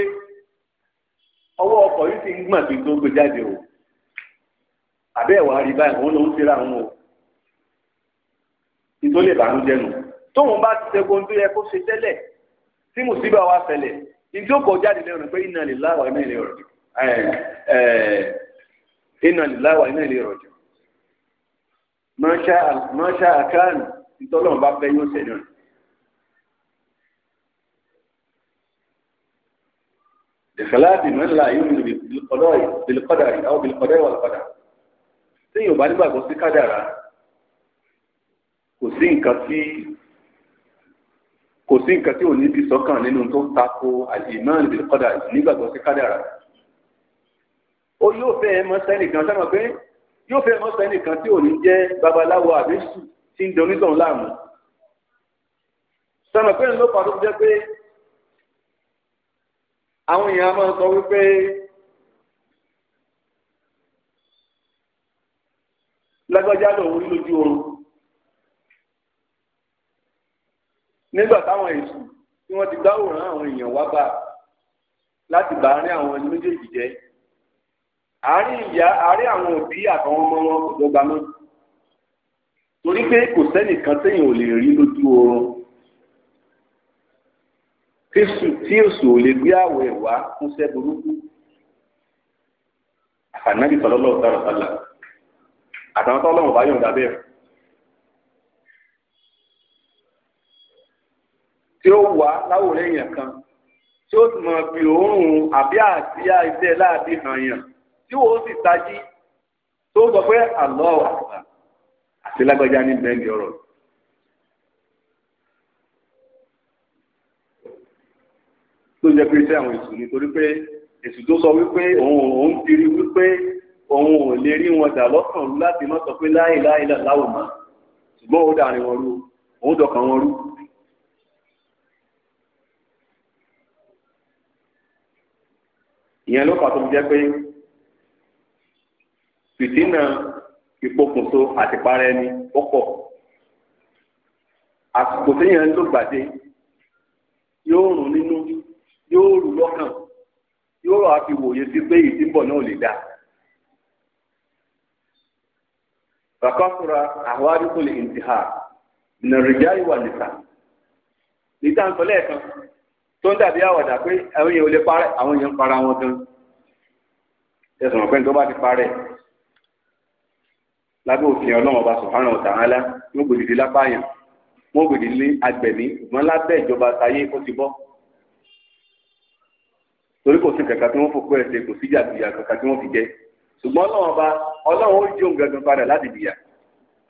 ọwọ ọkọ̀ yìí ti ń o rí báyìí o tóun bá ti ṣẹ́gun tó yẹ kó ṣe tẹ́lẹ̀ tí mùsíbà wa ṣẹlẹ̀ ìdí òkò jáde lẹ́nu pé inna lillahi wa inna ilayhi raji'un inna lillahi wa inna ilayhi raji'un ma sha'a kana ìtọ́lọ́run bá fẹ́ yóò ṣẹlẹ̀ rẹ̀. ìfẹ̀láàbì man la yu'minu bil qadari aw bil qadari wal qadar tí yóò bá nígbàgbọ́ sí kádàrá kò sí nǹkan tí kò sí nǹkan tí ò ní bí sọ́kàn nínú tó tako àlìmọ́ọ̀nì bil qadar nígbàgbọ́ sí kádàrà ó yóò fẹ́ ẹ mọ́ sẹ́nìkan sábà pé yóò fẹ́ ẹ mọ́ sẹ́nìkan tí ò ní jẹ́ babaláwo àbẹ́sù tí ń donítàn láàmú sábà pé ló pàdé jẹ́ pé àwọn èèyàn máa sọ wípé lágbájá lòun lójú oorun. nígbà táwọn èsù tí wọ́n ti gbáwòrán àwọn èèyàn wá bá láti bá rí àwọn ẹni méjèèjì jẹ́ àárín ìyá àárín àwọn òbí àtàwọn ọmọ wọn kò dọ́gba mọ́ torí pé kò sẹ́nìkan téèyàn ò lè rí lójú oorun tí èsù ò lè gbé àwọ̀ ẹ̀ wá fún sẹ́ burúkú àfànàbì sọlọ́lọ́ ọ̀tá ọ̀tá là àtàwọn tọ́lọ́wọ̀n bá yọ̀ǹda bẹ́ẹ̀. tí ó wà láwòrán èèyàn kan tí ó mọ̀ bí òórùn àbí àsíá iṣẹ́ láàbí hàn yàn tí wọ́n sì tají tó sọ pé àlọ́ àgbà àti lágbájá ní bẹ́ẹ̀ni ọ̀rọ̀. tó jẹ́ pé iṣẹ́ àwọn èṣù nítorí pé èṣù tó sọ wípé òun òun ti rí wípé òun ò lè rí wọn dà lọ́kàn láti má sọ pé láìláìlà láwùmọ́ ṣùgbọ́n ó dàrin wọn rú òun dọ̀kan wọn rú. ìyẹn ló kọ́ tó jẹ́ pé fìtínà ìpokùnso àtìparẹ́ ẹni ó pọ̀ àsìkò téèyàn ló gbàdé yóò rùn nínú yóò rù lọ́kàn yóò rọ̀ àfi wòye sí pé ìdínbọ̀ náà lè dáa. fakɔsora ahwadikul intihar na rijali wa nisa nita nsɔlɛ kan tó ń dàbí àwàdà pé àwọn èèyàn ò lè parẹ́ àwọn èèyàn ń para wọn gan ẹ̀sùn ọ̀pẹ́ni tó bá ti parẹ́ lábẹ́ òfin ọlọ́run ọba subhanahu wa ta'ala wọ́n gbèdìdì lápáyàn wọ́n gbèdìdì ní agbẹ̀mí ṣùgbọ́n lábẹ́ ìjọba táyé ó ti bọ́ torí kò sí kàkà tí wọ́n fòkó ẹ̀sẹ̀ kò sí jàdùyà kàkà tí wọ́n fi jẹ ṣùgbọ́n ọlọ́run ọba ọlọ́run ó jí gangan padà láti bìyà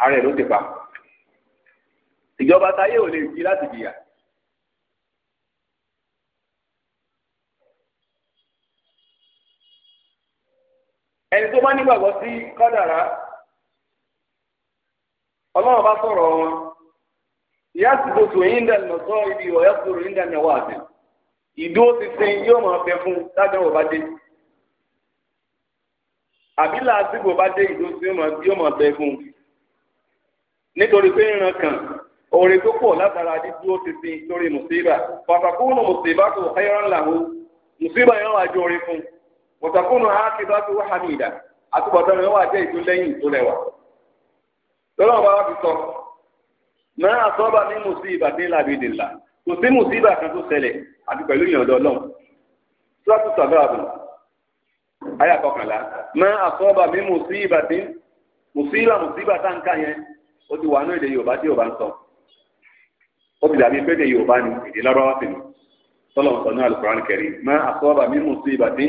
ara ẹ̀ ló ti pa ìjọba táyé ò lè jí láti bìyà ẹni tó bá nígbàgbọ́ sí kádàrá ọlọ́run bá sọ̀rọ̀ wọn ìyá àsìkòtò yín dà lọ sọ ibi ọ̀yá kúrò yín dà ní ọwọ́ àti ìdó ti sin yóò máa fẹ́ fún ládàá ọba dé àbí làásìgbò bá dé ìdó tí yóò máa fẹ́ fún nítorí pé ìran kan òòrè tó pọ̀ látara dídúró ti sin lórí mùsíbà pàtàkùn mùsíbà kò khairan lahu mùsíbà yẹn wà jọ orin fún un mọ̀tàkùnù àákìdá tó wà hàmìdá àtúbọ̀tán rẹ̀ wà jẹ́ ìtúlẹ́yìn tó lẹ́wà. lọ́nà ọba wa fi sọ máa àtọ́ba ní mùsíbà ní làbìdìlà kò sí mùsíbà kan tó ṣẹlẹ̀ àti pẹ̀lú ìyọ̀dọ̀ náà sọ́tù sàgbàbù ayé àkọkànlá máa àtọ́ba ní mùsíbà ní mùsíbà mùsíbà táǹkà yẹn ó ti wà ní èdè Yorùbá tí Yorùbá ń sọ ó ti dàbí pé èdè Yorùbá ni èdè lọ́rọ́ wá sí ni tọ́lọ̀ ń sọ ní Al-Qur'an Karim máa àtọ́ba ní mùsíbà ní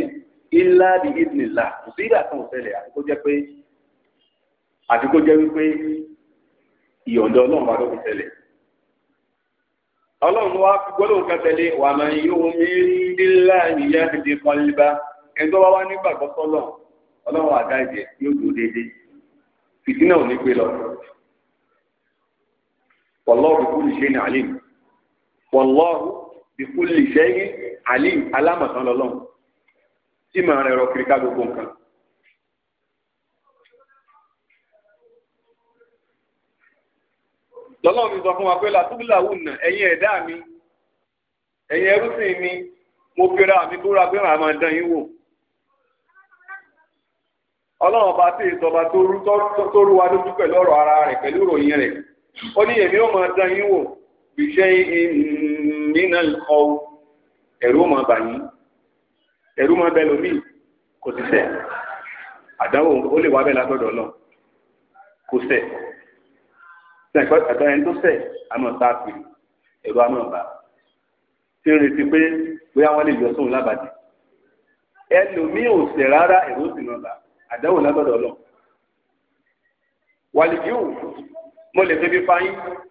ilá bí ìdìnnìlá kò sí ìgbà kan ò ṣẹlẹ̀ àti kó jẹ́ wípé ìyọ̀ǹda ọlọ́run bá ọlọ́run wa fi gbólóhùn tẹ̀lé wà máa ń yóò mí nílá ìyá ìdí kan wá nígbàgbọ́ sọ́lọ̀ ọlọ́run lọ kúlù ṣe ní kúlù ṣe ní tí màá rẹ̀ rọ kiri ká gbogbo nǹkan. mi sọ fún wa pé làtúbùlà wù nà mi ẹ̀yin ẹrúsìn mi mo fira mi búra pé màá máa dán yín wò. ọlọ́run bá ti ìsọba tó rú ara rẹ̀ pẹ̀lú ìròyìn rẹ̀ ó ní èmi ó máa dán yín wò ẹ̀rú ó ẹ̀rú máa bẹ lómi kò sí sẹ̀ àdáwò ó lè wá bẹ́ẹ̀ látọ̀dọ̀ lọ kò sẹ̀ sẹ̀kọ́ ẹ̀tọ́ ẹni tó sẹ̀ àmọ́ tá a pè ẹ̀rú àmọ́ bá tí ń retí pé bóyá wọ́n lè yọ sóun lábàdì ẹlòmíì ò sẹ̀ rárá ẹ̀rú sì náà bá àdáwò látọ̀dọ̀ lọ wàlìkíù mo lè febi fa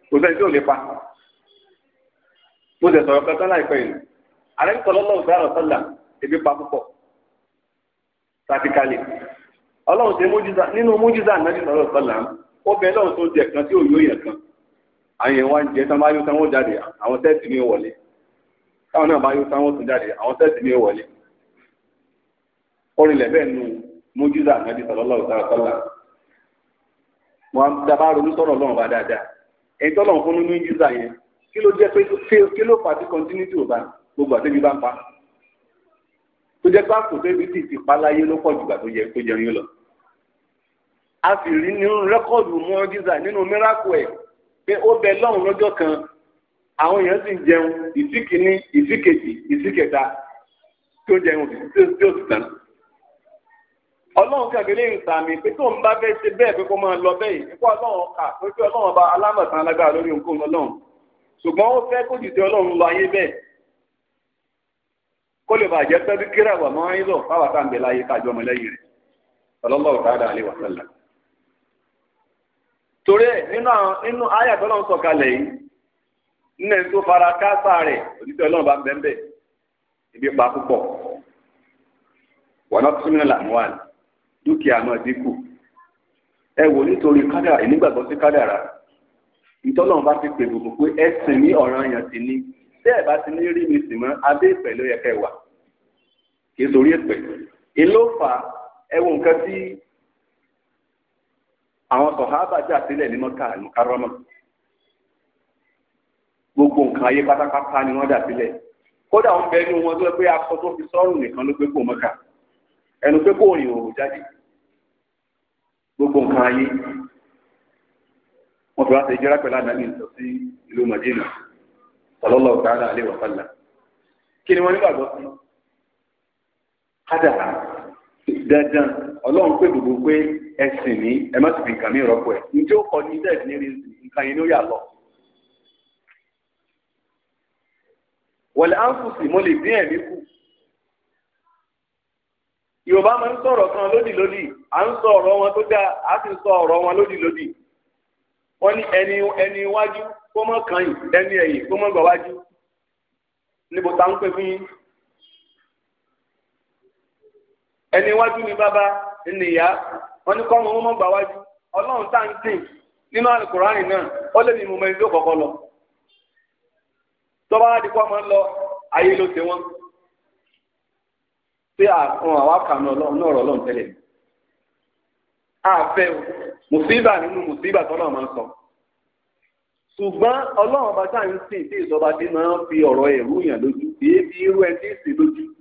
kò sẹ́ni tí ò lè pa mo sì sọ̀rọ̀ kankan láìpẹ́ yìí àrẹ́ńtọ́ lọ́lọ́ ebi pa púpọ̀ tàbíkálẹ̀ ọlọ́run ṣe mójúzà nínú mójúzà náà ti sọ̀rọ̀ sọ̀là ó bẹ lọ́run tó jẹ kan tí ò yóò yẹ kan àyẹ̀ wá ń jẹ tán bá yóò tán wọ́n jáde àwọn tẹ́ẹ̀tì ní wọlé táwọn náà bá yóò tán wọ́n tún jáde àwọn tẹ́ẹ̀tì ní wọlé orin lẹ́bẹ̀ẹ́ nu mójúzà náà ti sọ̀rọ̀ lọ́run sọ̀là wọn dábàá ronú sọ̀rọ̀ lọ́run bá dáadáa ẹni tọ́lọ̀ fún nínú mójúzà yẹn kí ló jẹ́ pé kí ló fà continuity ò bá gbogbo àtẹ́bí bá ń pa tó jẹ́ pé àpò tẹ́bi sì ti pa láyé ló pọ̀ jùgbà tó yẹ tó jẹ yín lọ. a sì rí nínú rẹ́kọ̀dù mọ́ọ́jísà nínú míràkù ẹ̀ pé ó bẹ lọ́hùn lọ́jọ́ kan àwọn èèyàn sì jẹun ìsíkìíní ìsíkejì ìsíkẹta tó jẹun tí ó sì tán. ọlọ́run kàgbélé ń sàmì pé tó ń bá bẹ́ẹ̀ ṣe bẹ́ẹ̀ pé kó máa lọ bẹ́ẹ̀ nípa ọlọ́run kà pé kí ọlọ́run bá alámọ̀tán alágbára lórí nǹkan ọlọ́run ṣùgbọ́n ó fẹ́ kó jù sí ọlọ́run lọ ayé bẹ́ẹ̀ kó lè bàjẹ́ pẹ́ẹ́bí kíra wà mọ́ ayé lọ fáwọn àtàǹdè láyé kájọ ọmọ lẹ́yìn rẹ̀ sallallahu ta'ala alaihi wa sallam. torí ẹ nínú nínú àyà tó lọ́n sọ̀kalẹ̀ yìí nínú ẹni tó fara káásá rẹ̀ òtítọ́ ọlọ́run bá ń bẹ́ẹ̀ bẹ́ẹ̀ ibi pa púpọ̀ wọ́n náà tún nílẹ̀ àmúwá dúkìá náà dínkù ẹ wò nítorí kádàrà ìnígbàgbọ́ sí kádàrà ìtọ́lọ́run bá ti pè gbogbo pé ẹ̀sìn ní ọ̀ràn yẹn ti ní bẹ́ẹ̀ bá ti ní rí mi sì mọ́ abẹ́ ìpẹ̀lẹ́ yẹ kẹwàá kì í sórí èpè èló fa ẹwọ nǹkan tí àwọn sọ̀hábà jà sílẹ̀ ní ní nìkarọ́mọ́ gbogbo nǹkan ayé pátápátá ni wọ́n sílẹ̀ kódà wọn bẹ wọn tó yẹ akọ tó fi sọ́rùn nìkan ló gbé mọ́kà gbogbo nǹkan ayé wọn fi wá àdáni sí ìlú kádàrá dandan ọlọ́run pé gbogbo pé ẹ̀sìn ní ẹ má sì fi nǹkan mìíràn pọ̀ ẹ̀ njẹ́ ó kọ ní bẹ́ẹ̀ nǹkan lọ. wọ̀lẹ̀ mo lè dín ẹ̀mí kù. yorùbá máa ń sọ̀rọ̀ kan lódì lódì à ń sọ ọ̀rọ̀ wọn tó dáa à sì ń sọ ọ̀rọ̀ wọn lódì ẹni ẹni iwájú kó ẹni ẹ̀yìn kó ẹni iwájú ni bàbá ẹni ìyá wọn ní kọ́mọ wọn mọ̀ gbà wájú ọlọ́run tá à ń sìn nínú alukurani náà ó lè ní ìmọ̀mọ́ ìlú kọ̀ọ̀kan lọ tọ́ba adìpọ̀ máa ń lọ ayé ló ṣe wọ́n pé àwọn àwa kànú ọlọ́run náà rọ̀ ọlọ́run tẹ́lẹ̀ àfẹ́ mùsíbà nínú mùsíbà tọ́lọ́run máa ń sọ ṣùgbọ́n ọlọ́run bá tá à ń sìn tí ìjọba ti máa ń fi ọ̀rọ̀ ẹ̀rú yàn lójú èébì irú ẹ̀ tí ì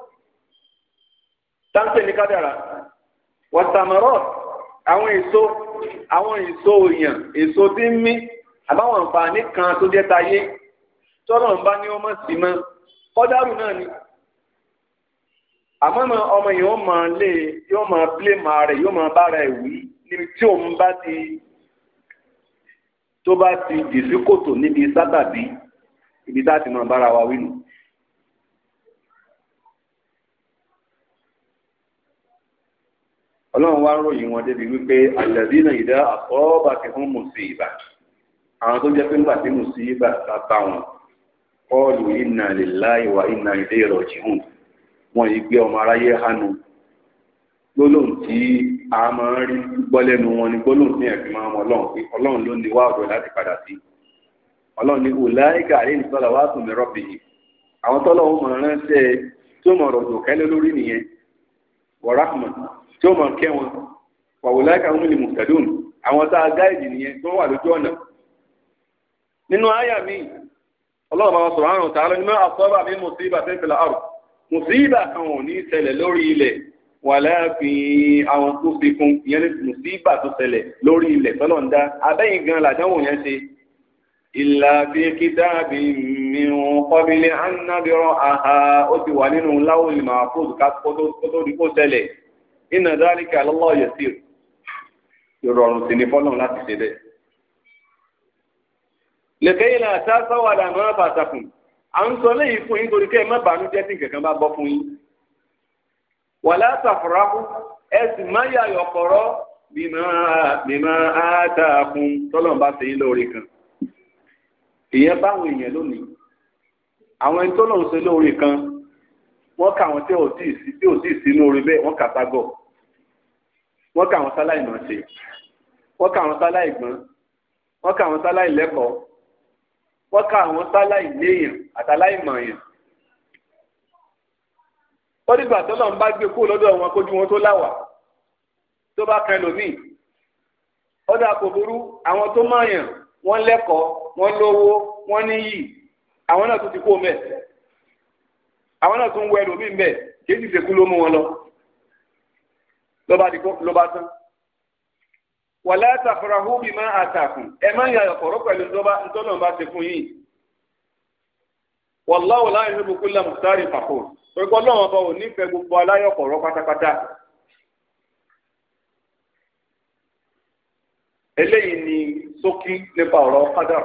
táǹpẹ̀ ni kádàrà wọ̀tàmọ̀rọ̀ àwọn èso àwọn èso èèyàn èso tí ń mí àbáwọn àǹfààní kan tó jẹ́ tayé tọ́lọ̀ ń bá ní ọmọ sí mọ́ kọ́dárù náà ni àmọ́ ọmọ yìí ó máa lé yóò máa blé máa rẹ̀ yóò máa bára ẹ̀ wí níbi tí òun bá ti tó bá ti dì kòtò níbi sábàbí ibi tá a ti máa bára wa wí nù. ọlọ́run wá ròyìn wọn débi wípé àjàdínà ìdá àkọ́ọ́bà ti fún mùsíbà àwọn tó jẹ́ pé ńgbà tí mùsíbà ta bá wọn kọ́ọ̀lù inna lillahi wa inna ilayhi raji'un wọn yìí gbé ọmọ aráyé hánu gbólóhùn tí a máa ń rí gbọ́ lẹ́nu wọn ni gbólóhùn tí ẹ̀fín máa ń wọn ọlọ́run pé ọlọ́run ló ní wá ọ̀dọ̀ láti padà sí ọlọ́run ní ulaika alayhim salawatun min rabbihim àwọn tọ́lọ́run máa ránṣẹ́ tí mọ̀ ọ̀rọ̀ òdòkẹ́lẹ́ lórí nìyẹn wa rahma tí ó máa kẹ́ wọn wa ulaika humul muhtadun àwọn tá a gáìdì nìyẹn tí wọ́n wà lójú ọ̀nà. nínú àyà mi ọlọ́run bá sọ̀rọ̀ àrùn tààrà ní máa sọ́ọ́bà mi mùsíbà fẹ́fẹ́lá àrùn mùsíbà kan ò ní ṣẹlẹ̀ lórí ilẹ̀ wà láàfin àwọn tó fi kún ìyẹn mùsíbà tó ṣẹlẹ̀ lórí ilẹ̀ tọ́lọ̀ ń dá abẹ́yìn gan làdánwò yẹn ṣe إلا في كتاب من قبل أن نبرأها ó ti wà nínú láwùl mahfuz kótó di kó ṣẹlẹ̀ إن ذلك على الله يسير ìrọ̀rùn sì ni fọ́lọ́run láti ṣe bẹ́ẹ̀. lèkè ilà tá a sáwọ́ àdàmú àbàtàkùn à ń sọ léyìí fún yín torí kẹ́ ẹ má bàánú jẹ́ tí nǹkan bá bọ́ fún yín. wàlá tàfúrákù ẹ sì má yà yọ̀kọ̀rọ̀ bímọ àtàkùn tọ́lọ́run bá ṣe yín lóore kan èèyàn báwọn èèyàn lónìí àwọn ẹni tó lòun ṣe lóore kan wọ́n kà wọ́n tí ò tí ì sínú orí bẹ́ẹ̀ wọ́n kà ságọ̀ wọ́n kà wọ́n sáláì náà ṣe wọ́n kà wọ́n sáláì gbọ́n wọ́n kà wọ́n sáláì lẹ́kọ̀ọ́ wọ́n kà wọ́n sáláì léèyàn àtàláì mọ̀ọ̀yàn ó dìgbà tó lọ́n bá gbé kúrò lọ́dọ̀ wọn kójú wọn tó láwà tó bá kan lòmíì ó dà kò burú àwọn tó mọ̀ọ̀yàn wọ́n lẹ́kọ̀ọ́ wọ́n lówó wọ́n níyì àwọn náà tún ti kó mẹ́ àwọn náà tún wọ ẹlòmíì mẹ́ kéjì ló mú wọn lọ lọ́ba dìgbò lọ́ba tán. wàlá tàfàràhù bí máa àtàkùn ẹ máa ń yàyọ̀ kọ̀rọ̀ pẹ̀lú ntọ́nà bá ti fún yìí. wàláwò láyé ló sáré pàkó sókí nípa ọ̀rọ̀ kádà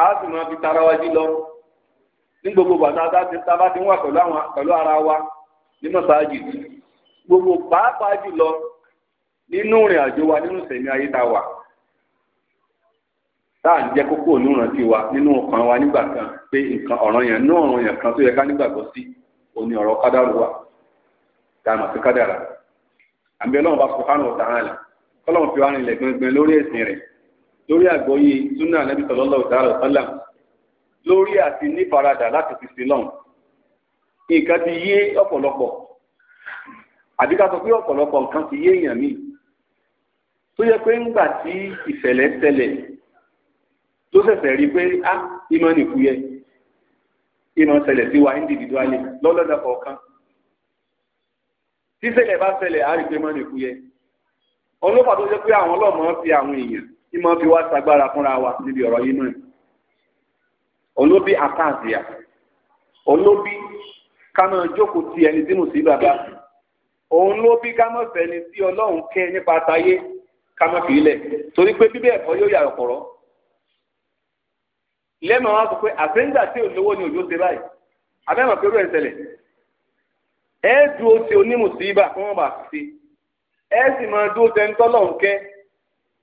á sì máa fi tara wa jí lọ ní gbogbo bàtà tábà ara wa nínú sáájì gbogbo pàápàá lọ nínú ìrìn àjò wa nínú sẹ̀mí ayé tá a wà táà ń jẹ́ kókó ìrántí wa nínú ọkàn wa nígbà kan pé nǹkan yẹn yẹn kan tó yẹ ká nígbàgbọ́ sí òní wa àmì bá Kọlọm fi wá rìnlẹ̀ gbẹngbẹn lórí ẹ̀sìn rẹ̀ lórí àgbọ́yé súnà nàbí tọlọlọ ta'ala wa lórí àti nífaradà láti fi sí lọ́hùn. ti yé ọ̀pọ̀lọpọ̀ àbí ká sọ pé ti yé èèyàn tó yẹ pé ńgbà tí tó rí pé nìkú yẹ sí wa tí bá pé nìkú yẹ ọlọ́pàá tó jẹ́ pé àwọn ọlọ́mọ fi àwọn èèyàn tí mo fi wá sagbára fúnra wa níbi ọ̀rọ̀ yìí náà olóbi àkáàzìà olóbi ká máa jókòó ti ẹni tí mo sì bàbá òun ló bí ká máa fẹ́ni tí ọlọ́run kẹ́ nípa tayé ká máa fi ilẹ̀ torí pé bíbẹ̀ ẹ̀kọ́ yóò yà ọ̀pọ̀rọ̀ lẹ́mọ̀ wá sọ pé àfẹ́ńdà tí olówó ni òjò ṣe báyìí abẹ́mọ̀ pé ó rẹ̀ ń ṣẹlẹ̀ ẹ̀ẹ́dùn ó ti onímùsíbà kí wọ́n bá fi ṣe ẹ sì máa dúró tẹni tọ́lọ́hún kẹ́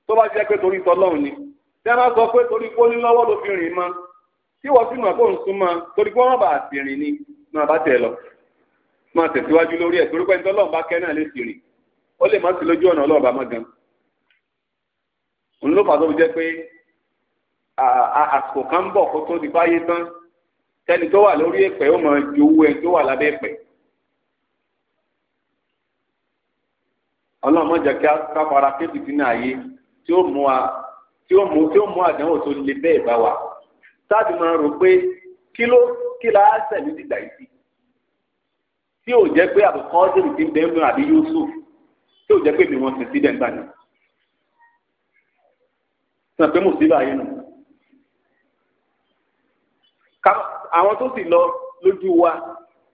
tó bá jẹ́ pé torí tọ́lọ́hún ni tẹ́ máa sọ pé torí pé ó ní lọ́wọ́ ló fi rìn mọ́ tí wọ́n sì mọ̀ kó ń súnmọ́ torí pé wọ́n bá sì rìn ni máa bá tẹ̀ lọ máa tẹ̀síwájú lórí ẹ̀ torí pé ẹni tọ́lọ́hún bá kẹ́ náà lè sì rìn ó lè má sí lójú ọ̀nà ọlọ́ọ̀bá mọ́ gan òun ló fà tó fi jẹ́ pé àsìkò kan ń bọ̀ kó tó di báyé tán tẹ́ni tó wà lórí èpè ó máa ju owó tó wà lábẹ́ èpè ọlọ́run mọ̀jẹ̀ kí a fara kébìtì náà yé tí ó mú a tí ó mú tí ó mú àdánwò tó le bẹ́ẹ̀ bá wa sáàdì máa rò pé kí ló kí la á sẹ̀lú dìgbà yìí sí tí ò jẹ́ pé àbùkọ́ ọ́sẹ̀lì ti ń bẹ́ẹ̀ mú àbí Yusuf tí ò jẹ́ pé ìbíwọ̀n sì sí dẹ́gbà ni sọ pé mo sì bá nù àwọn tó sì lọ lójú wa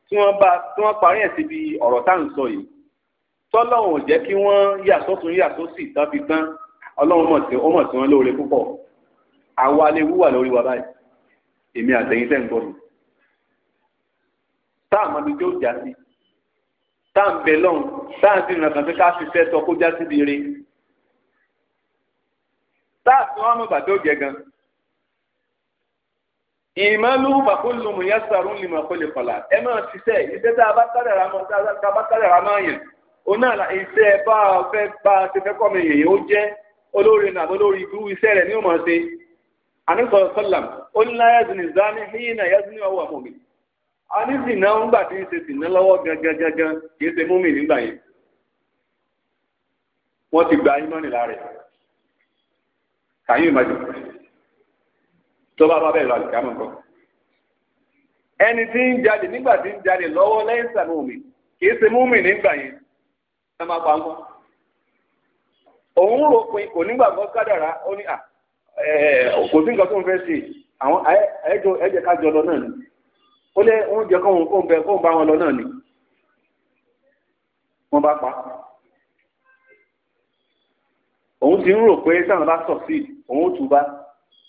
tí wọ́n bá tí wọ́n parí ẹ̀ síbi ọ̀rọ̀ tá à ń sọ yìí tọ́lọ́run ò jẹ́ kí wọ́n yà sọ́tún yà sósì tán fi gbọ́n ọlọ́run mọ̀ sí ọmọ sí wọn lóore púpọ̀ àwa lè wúwà lórí wa báyìí èmi àtẹ̀yìn tẹ̀ ń gbọ́dọ̀ táà mọ́bi tí ó já sí táà ń bẹ lọ́hùn táà ń sì rìnà kàn pé ká fi fẹ́ sọ kó já síbi eré táà tí wọ́n mọ̀ bàtẹ́ òjẹ́ gan ìmọ̀lú màkúlùmù yẹn sàrún lè mọ̀ kọ̀là ẹ máa ṣiṣẹ́ ìṣẹ́ tá a bá kárẹ̀ ra mọ́ tá onáàlà iṣẹ́ bá fẹ́ bá a ti fẹ́ kọ́ mi èèyàn ó jẹ́ olórí náà olórí ibú iṣẹ́ rẹ̀ ní òmò ṣe àníkọ̀ sọ́làm ó ní láyé ẹ̀sìn ìzáni ọwọ́ a ní ń gbà tí ń ṣe lọ́wọ́ gangan kì í mi nígbà wọ́n ti gba ìmọ̀jọ tó bá bá bẹ́ẹ̀ lọ ẹni tí ń jalè nígbà tí ń jalè lọ́wọ́ lẹ́yìn sàmúmi kì ẹ máa pa ńkọ́ òun rò pé kò nígbàgbọ́ kádàrá ó ní à kò sí nǹkan tó ń fẹ́ sí àwọn ẹjọ ẹjẹ ká jọ lọ náà ni ó lé oúnjẹ kóhun kóhun bẹ kóhun bá wọn lọ náà ni wọ́n bá pa òun ti ń rò pé sáwọn bá sọ sí òun ó tù bá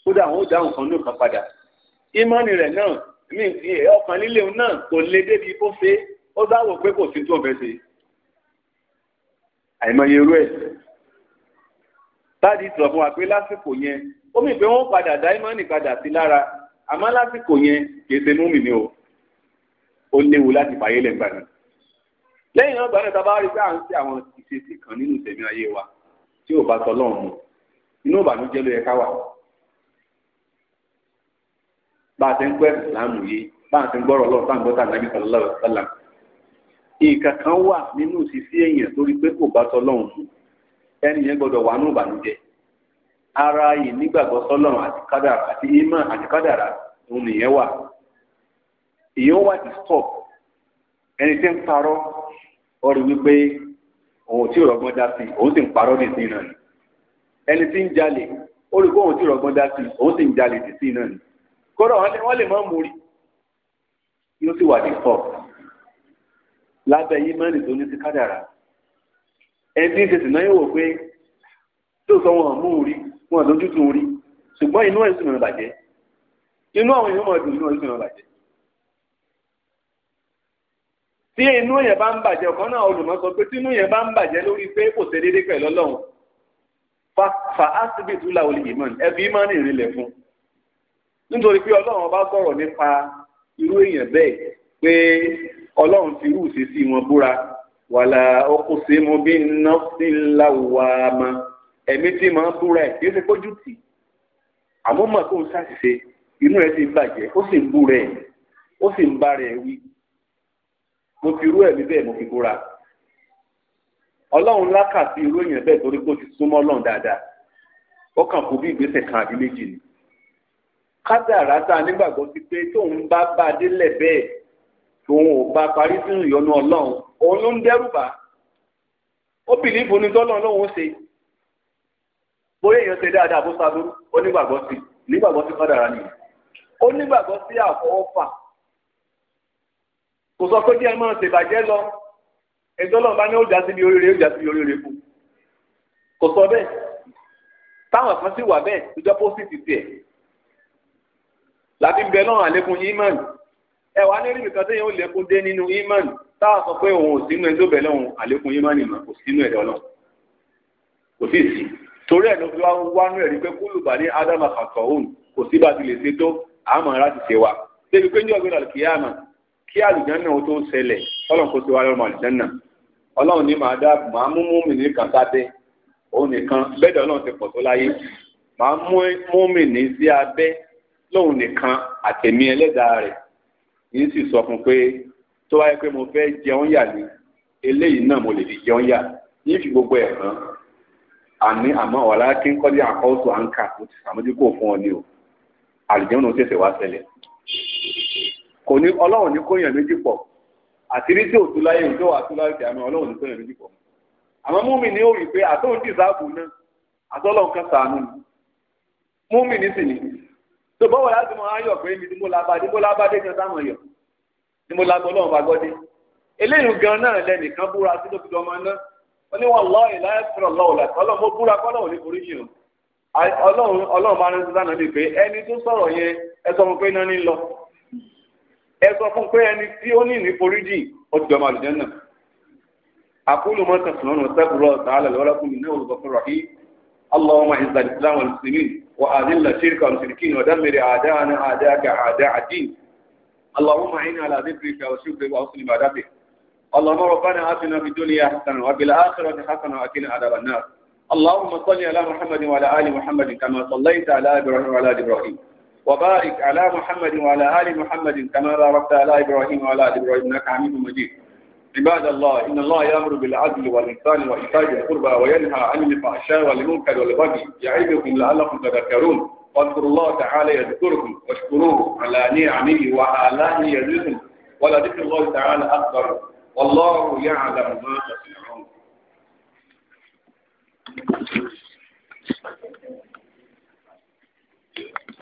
kódà òun ó dáhùn kan ní òkan padà ìmọ̀ni rẹ̀ náà ọkàn líle náà kò lè débi kó ṣe ó dáwọ́ pé kò sí tó ń fẹ́ ṣe àìmọye irú ẹ̀ táàdì sọ fún wa pé lásìkò yẹn ó mì pé wọ́n padà dáímọ́nì padà sí lára àmọ́ lásìkò yẹn kìí ṣe múmi ni o ó léwu láti fàyè lẹ́gbàá náà lẹ́yìn náà gbàdúrà tá a bá rí pé à ń ṣe àwọn ìṣesí kan nínú ìṣẹ̀mí ayé wa tí ò bá sọ lọ́run mu inú ìbànújẹ́ ló yẹ ká wà bá a ti ń gbọ́ ẹ̀sìn láàmú yìí bá a ti ń gbọ́rọ̀ lọ́ọ̀ tá à ń gbọ́ tà nábì sallallahu alaihi wasallam nǹkan kan wà nínú ìsísí èèyàn torí pé kò bá tọlọ́run mu ẹni yẹn gbọ́dọ̀ wà ní ìbànújẹ́ ara yìí nígbàgbọ́ sọlọ́run àti kádàrà àti ìmọ̀ àti kádàrà òun nìyẹn wà èèyàn wà ti stop ẹni tí ń parọ́ ọ rí wípé òun tí rọgbọ́n dá sí òun sì ń parọ́ ní ìsìn náà ni ẹni tí ń jalè ó rí pé òun tí rọgbọ́n dá sí òun sì ń jalè ní náà ni kódà wọ́n lè mọ́ mú yóò sì wà ní stop. lábẹ́ yìí mẹ́rin tó ní sí kádàrá ẹni tí ń ṣe sìnà yóò wò pé lóòótọ́ wọn mú un rí wọn lójú tún un rí ṣùgbọ́n inú ẹ̀ sùn náà bàjẹ́ inú àwọn èèyàn máa dùn inú ẹ̀ sùn náà bàjẹ́ tí inú yẹn bá ń bàjẹ́ ọ̀kan náà olùmọ̀ sọ pé tí inú yẹn bá ń bàjẹ́ lórí pé kò ṣe déédéé pẹ̀lú ọlọ́run fa asibitu la olè ìmọ̀ ẹbí máa ń rìn lẹ̀ fún nítorí pé ọlọ́run bá sọ̀rọ̀ nípa irú èèyàn bẹ́ẹ̀ pé ọlọ́run ti rú ìṣesí wọn búra wàlà uqsimu bin nafsil lawwama ẹ̀mí tí màá búra ẹ̀ kí ó ṣe kójú tì àmọ́ mà kó ń ṣàṣìṣe inú rẹ̀ ti ń bàjẹ́ ó sì ń búra ẹ̀ ó sì ń bá rẹ̀ wí mo fi rú ẹ̀mí bẹ́ẹ̀ mo fi búra ọlọ́run lákàtí irú èèyàn bẹ́ẹ̀ torí pé ó ti súnmọ́ ọlọ́run dáadáa ó kàn kó bí ìgbésẹ̀ kan àbí méjì ni kádàrá tá nígbàgbọ́ sí pé tóun bá bá a délẹ̀ bẹ́ẹ̀ tòun ò bá parí sínú ìyọnu ọlọ́run òun ló ń dẹ́rù bá ó bìlíìfù ní tọ́lọ́ lóun ó ṣe bóyá èèyàn ṣe dáadáa bó sá lóru ó nígbàgbọ́ sí nígbàgbọ́ sí kádàrá nìyẹn ó nígbàgbọ́ sí àfọwọ́fà kò sọ pé kí ẹ máa ṣèbàjẹ́ lọ ìtọ́lọ́ba ní ó já síbi oríire ó já síbi oríire fún kò sọ bẹ́ẹ̀ táwọn kan sì wà bẹ́ẹ̀ tó jẹ́ pósìtì tiẹ̀ làbí ń bẹ náà àlékún yìí mọ̀ ẹ̀wà ní ríbi kan tó yẹn ó lékún dé nínú ímánì tá a sọ pé òun ò sínú ẹni tó bẹ̀rẹ̀ òun àlékún ímánì mọ́ kò sínú ẹ̀rọ náà kò sí sí torí ẹ̀ ló fi wá nú ẹ̀rí pé kúlù bá ní ádámà kàtọ̀ òun kò sí bá ti lè ṣe tó àmọ́ ara ti ṣe wa débi pé ní ọ̀gbìn àlùkìyàmà kí àlùjánà ó tó ṣẹlẹ̀ ọlọ́run kò sí wa lọ́rùn àlùjánà ọlọ́run ní màá dá màá mú mú mi ní kàtàdé òun nìkan bẹ́ẹ̀ ọlọ́run ti pọ̀ tó láyé màá mú mú mi ní sí abẹ́ lóun nìkan àtẹ̀mí ẹlẹ́dàá rẹ̀ ń sì sọ fún pé tó wáyé pé mo fẹ́ jẹun yà ni eléyìí náà mo lè fi jẹun yà yín fi gbogbo ẹ̀ hàn àní àmọ́ ọ̀la kí n kọ́lé àkọ́sọ àǹkà mo ti sàmójúkò fún ọ ni o àlùjẹ́wọ̀n ló ṣẹ̀ṣẹ̀ wá ṣẹlẹ̀ kò ní ọlọ́run ní kó yàn méjì pọ̀ àti rí tí òtún láyé òtún wà tún láyé àmì ọlọ́run ní kó yàn méjì pọ̀ àmọ́ múmi ni ó rí i pé àtọ́hún dì sáàbù náà àtọ́lọ́hún kan sàánú múmi ní sì ni tó bọ́wọ̀ láti mọ ayọ̀ pé mi ni mo lába ni Ndị lába dé ní ọ̀sán ayọ̀ ni mo lágbọ́ lọ́wọ́ bá gọ́dé eléyìí gan náà lẹ́nìkan búra sí ló fi náà wọ́n ní wọ́n lọ́wọ́ ọlọ́run mo búra ní ọlọ́run ọlọ́run pé ẹni tó sọ̀rọ̀ yẹn ẹ وأذل الشرك والمشركين ودمر أعداءنا أعداءك أعداء الدين اللهم أعنا على ذكرك وشكرك وحسن عبادتك اللهم ربنا آتنا في الدنيا حسنة وفي الآخرة حسنة وأتنا عذاب النار اللهم صل على محمد وعلى آل محمد كما صليت على إبراهيم وعلى آل إبراهيم وبارك على محمد وعلى آل محمد كما باركت على إبراهيم وعلى آل إبراهيم إنك حميد مجيد عباد الله إن الله يأمر بالعدل والإحسان وإيتاء ذي القربى وينهى عن الفحشاء والمنكر والبغي يعظكم لعلكم تذكرون واذكروا الله تعالى يذكركم واشكروه على نعمه وآلائه ولا ولذكر الله تعالى أكبر والله يعلم ما تصنعون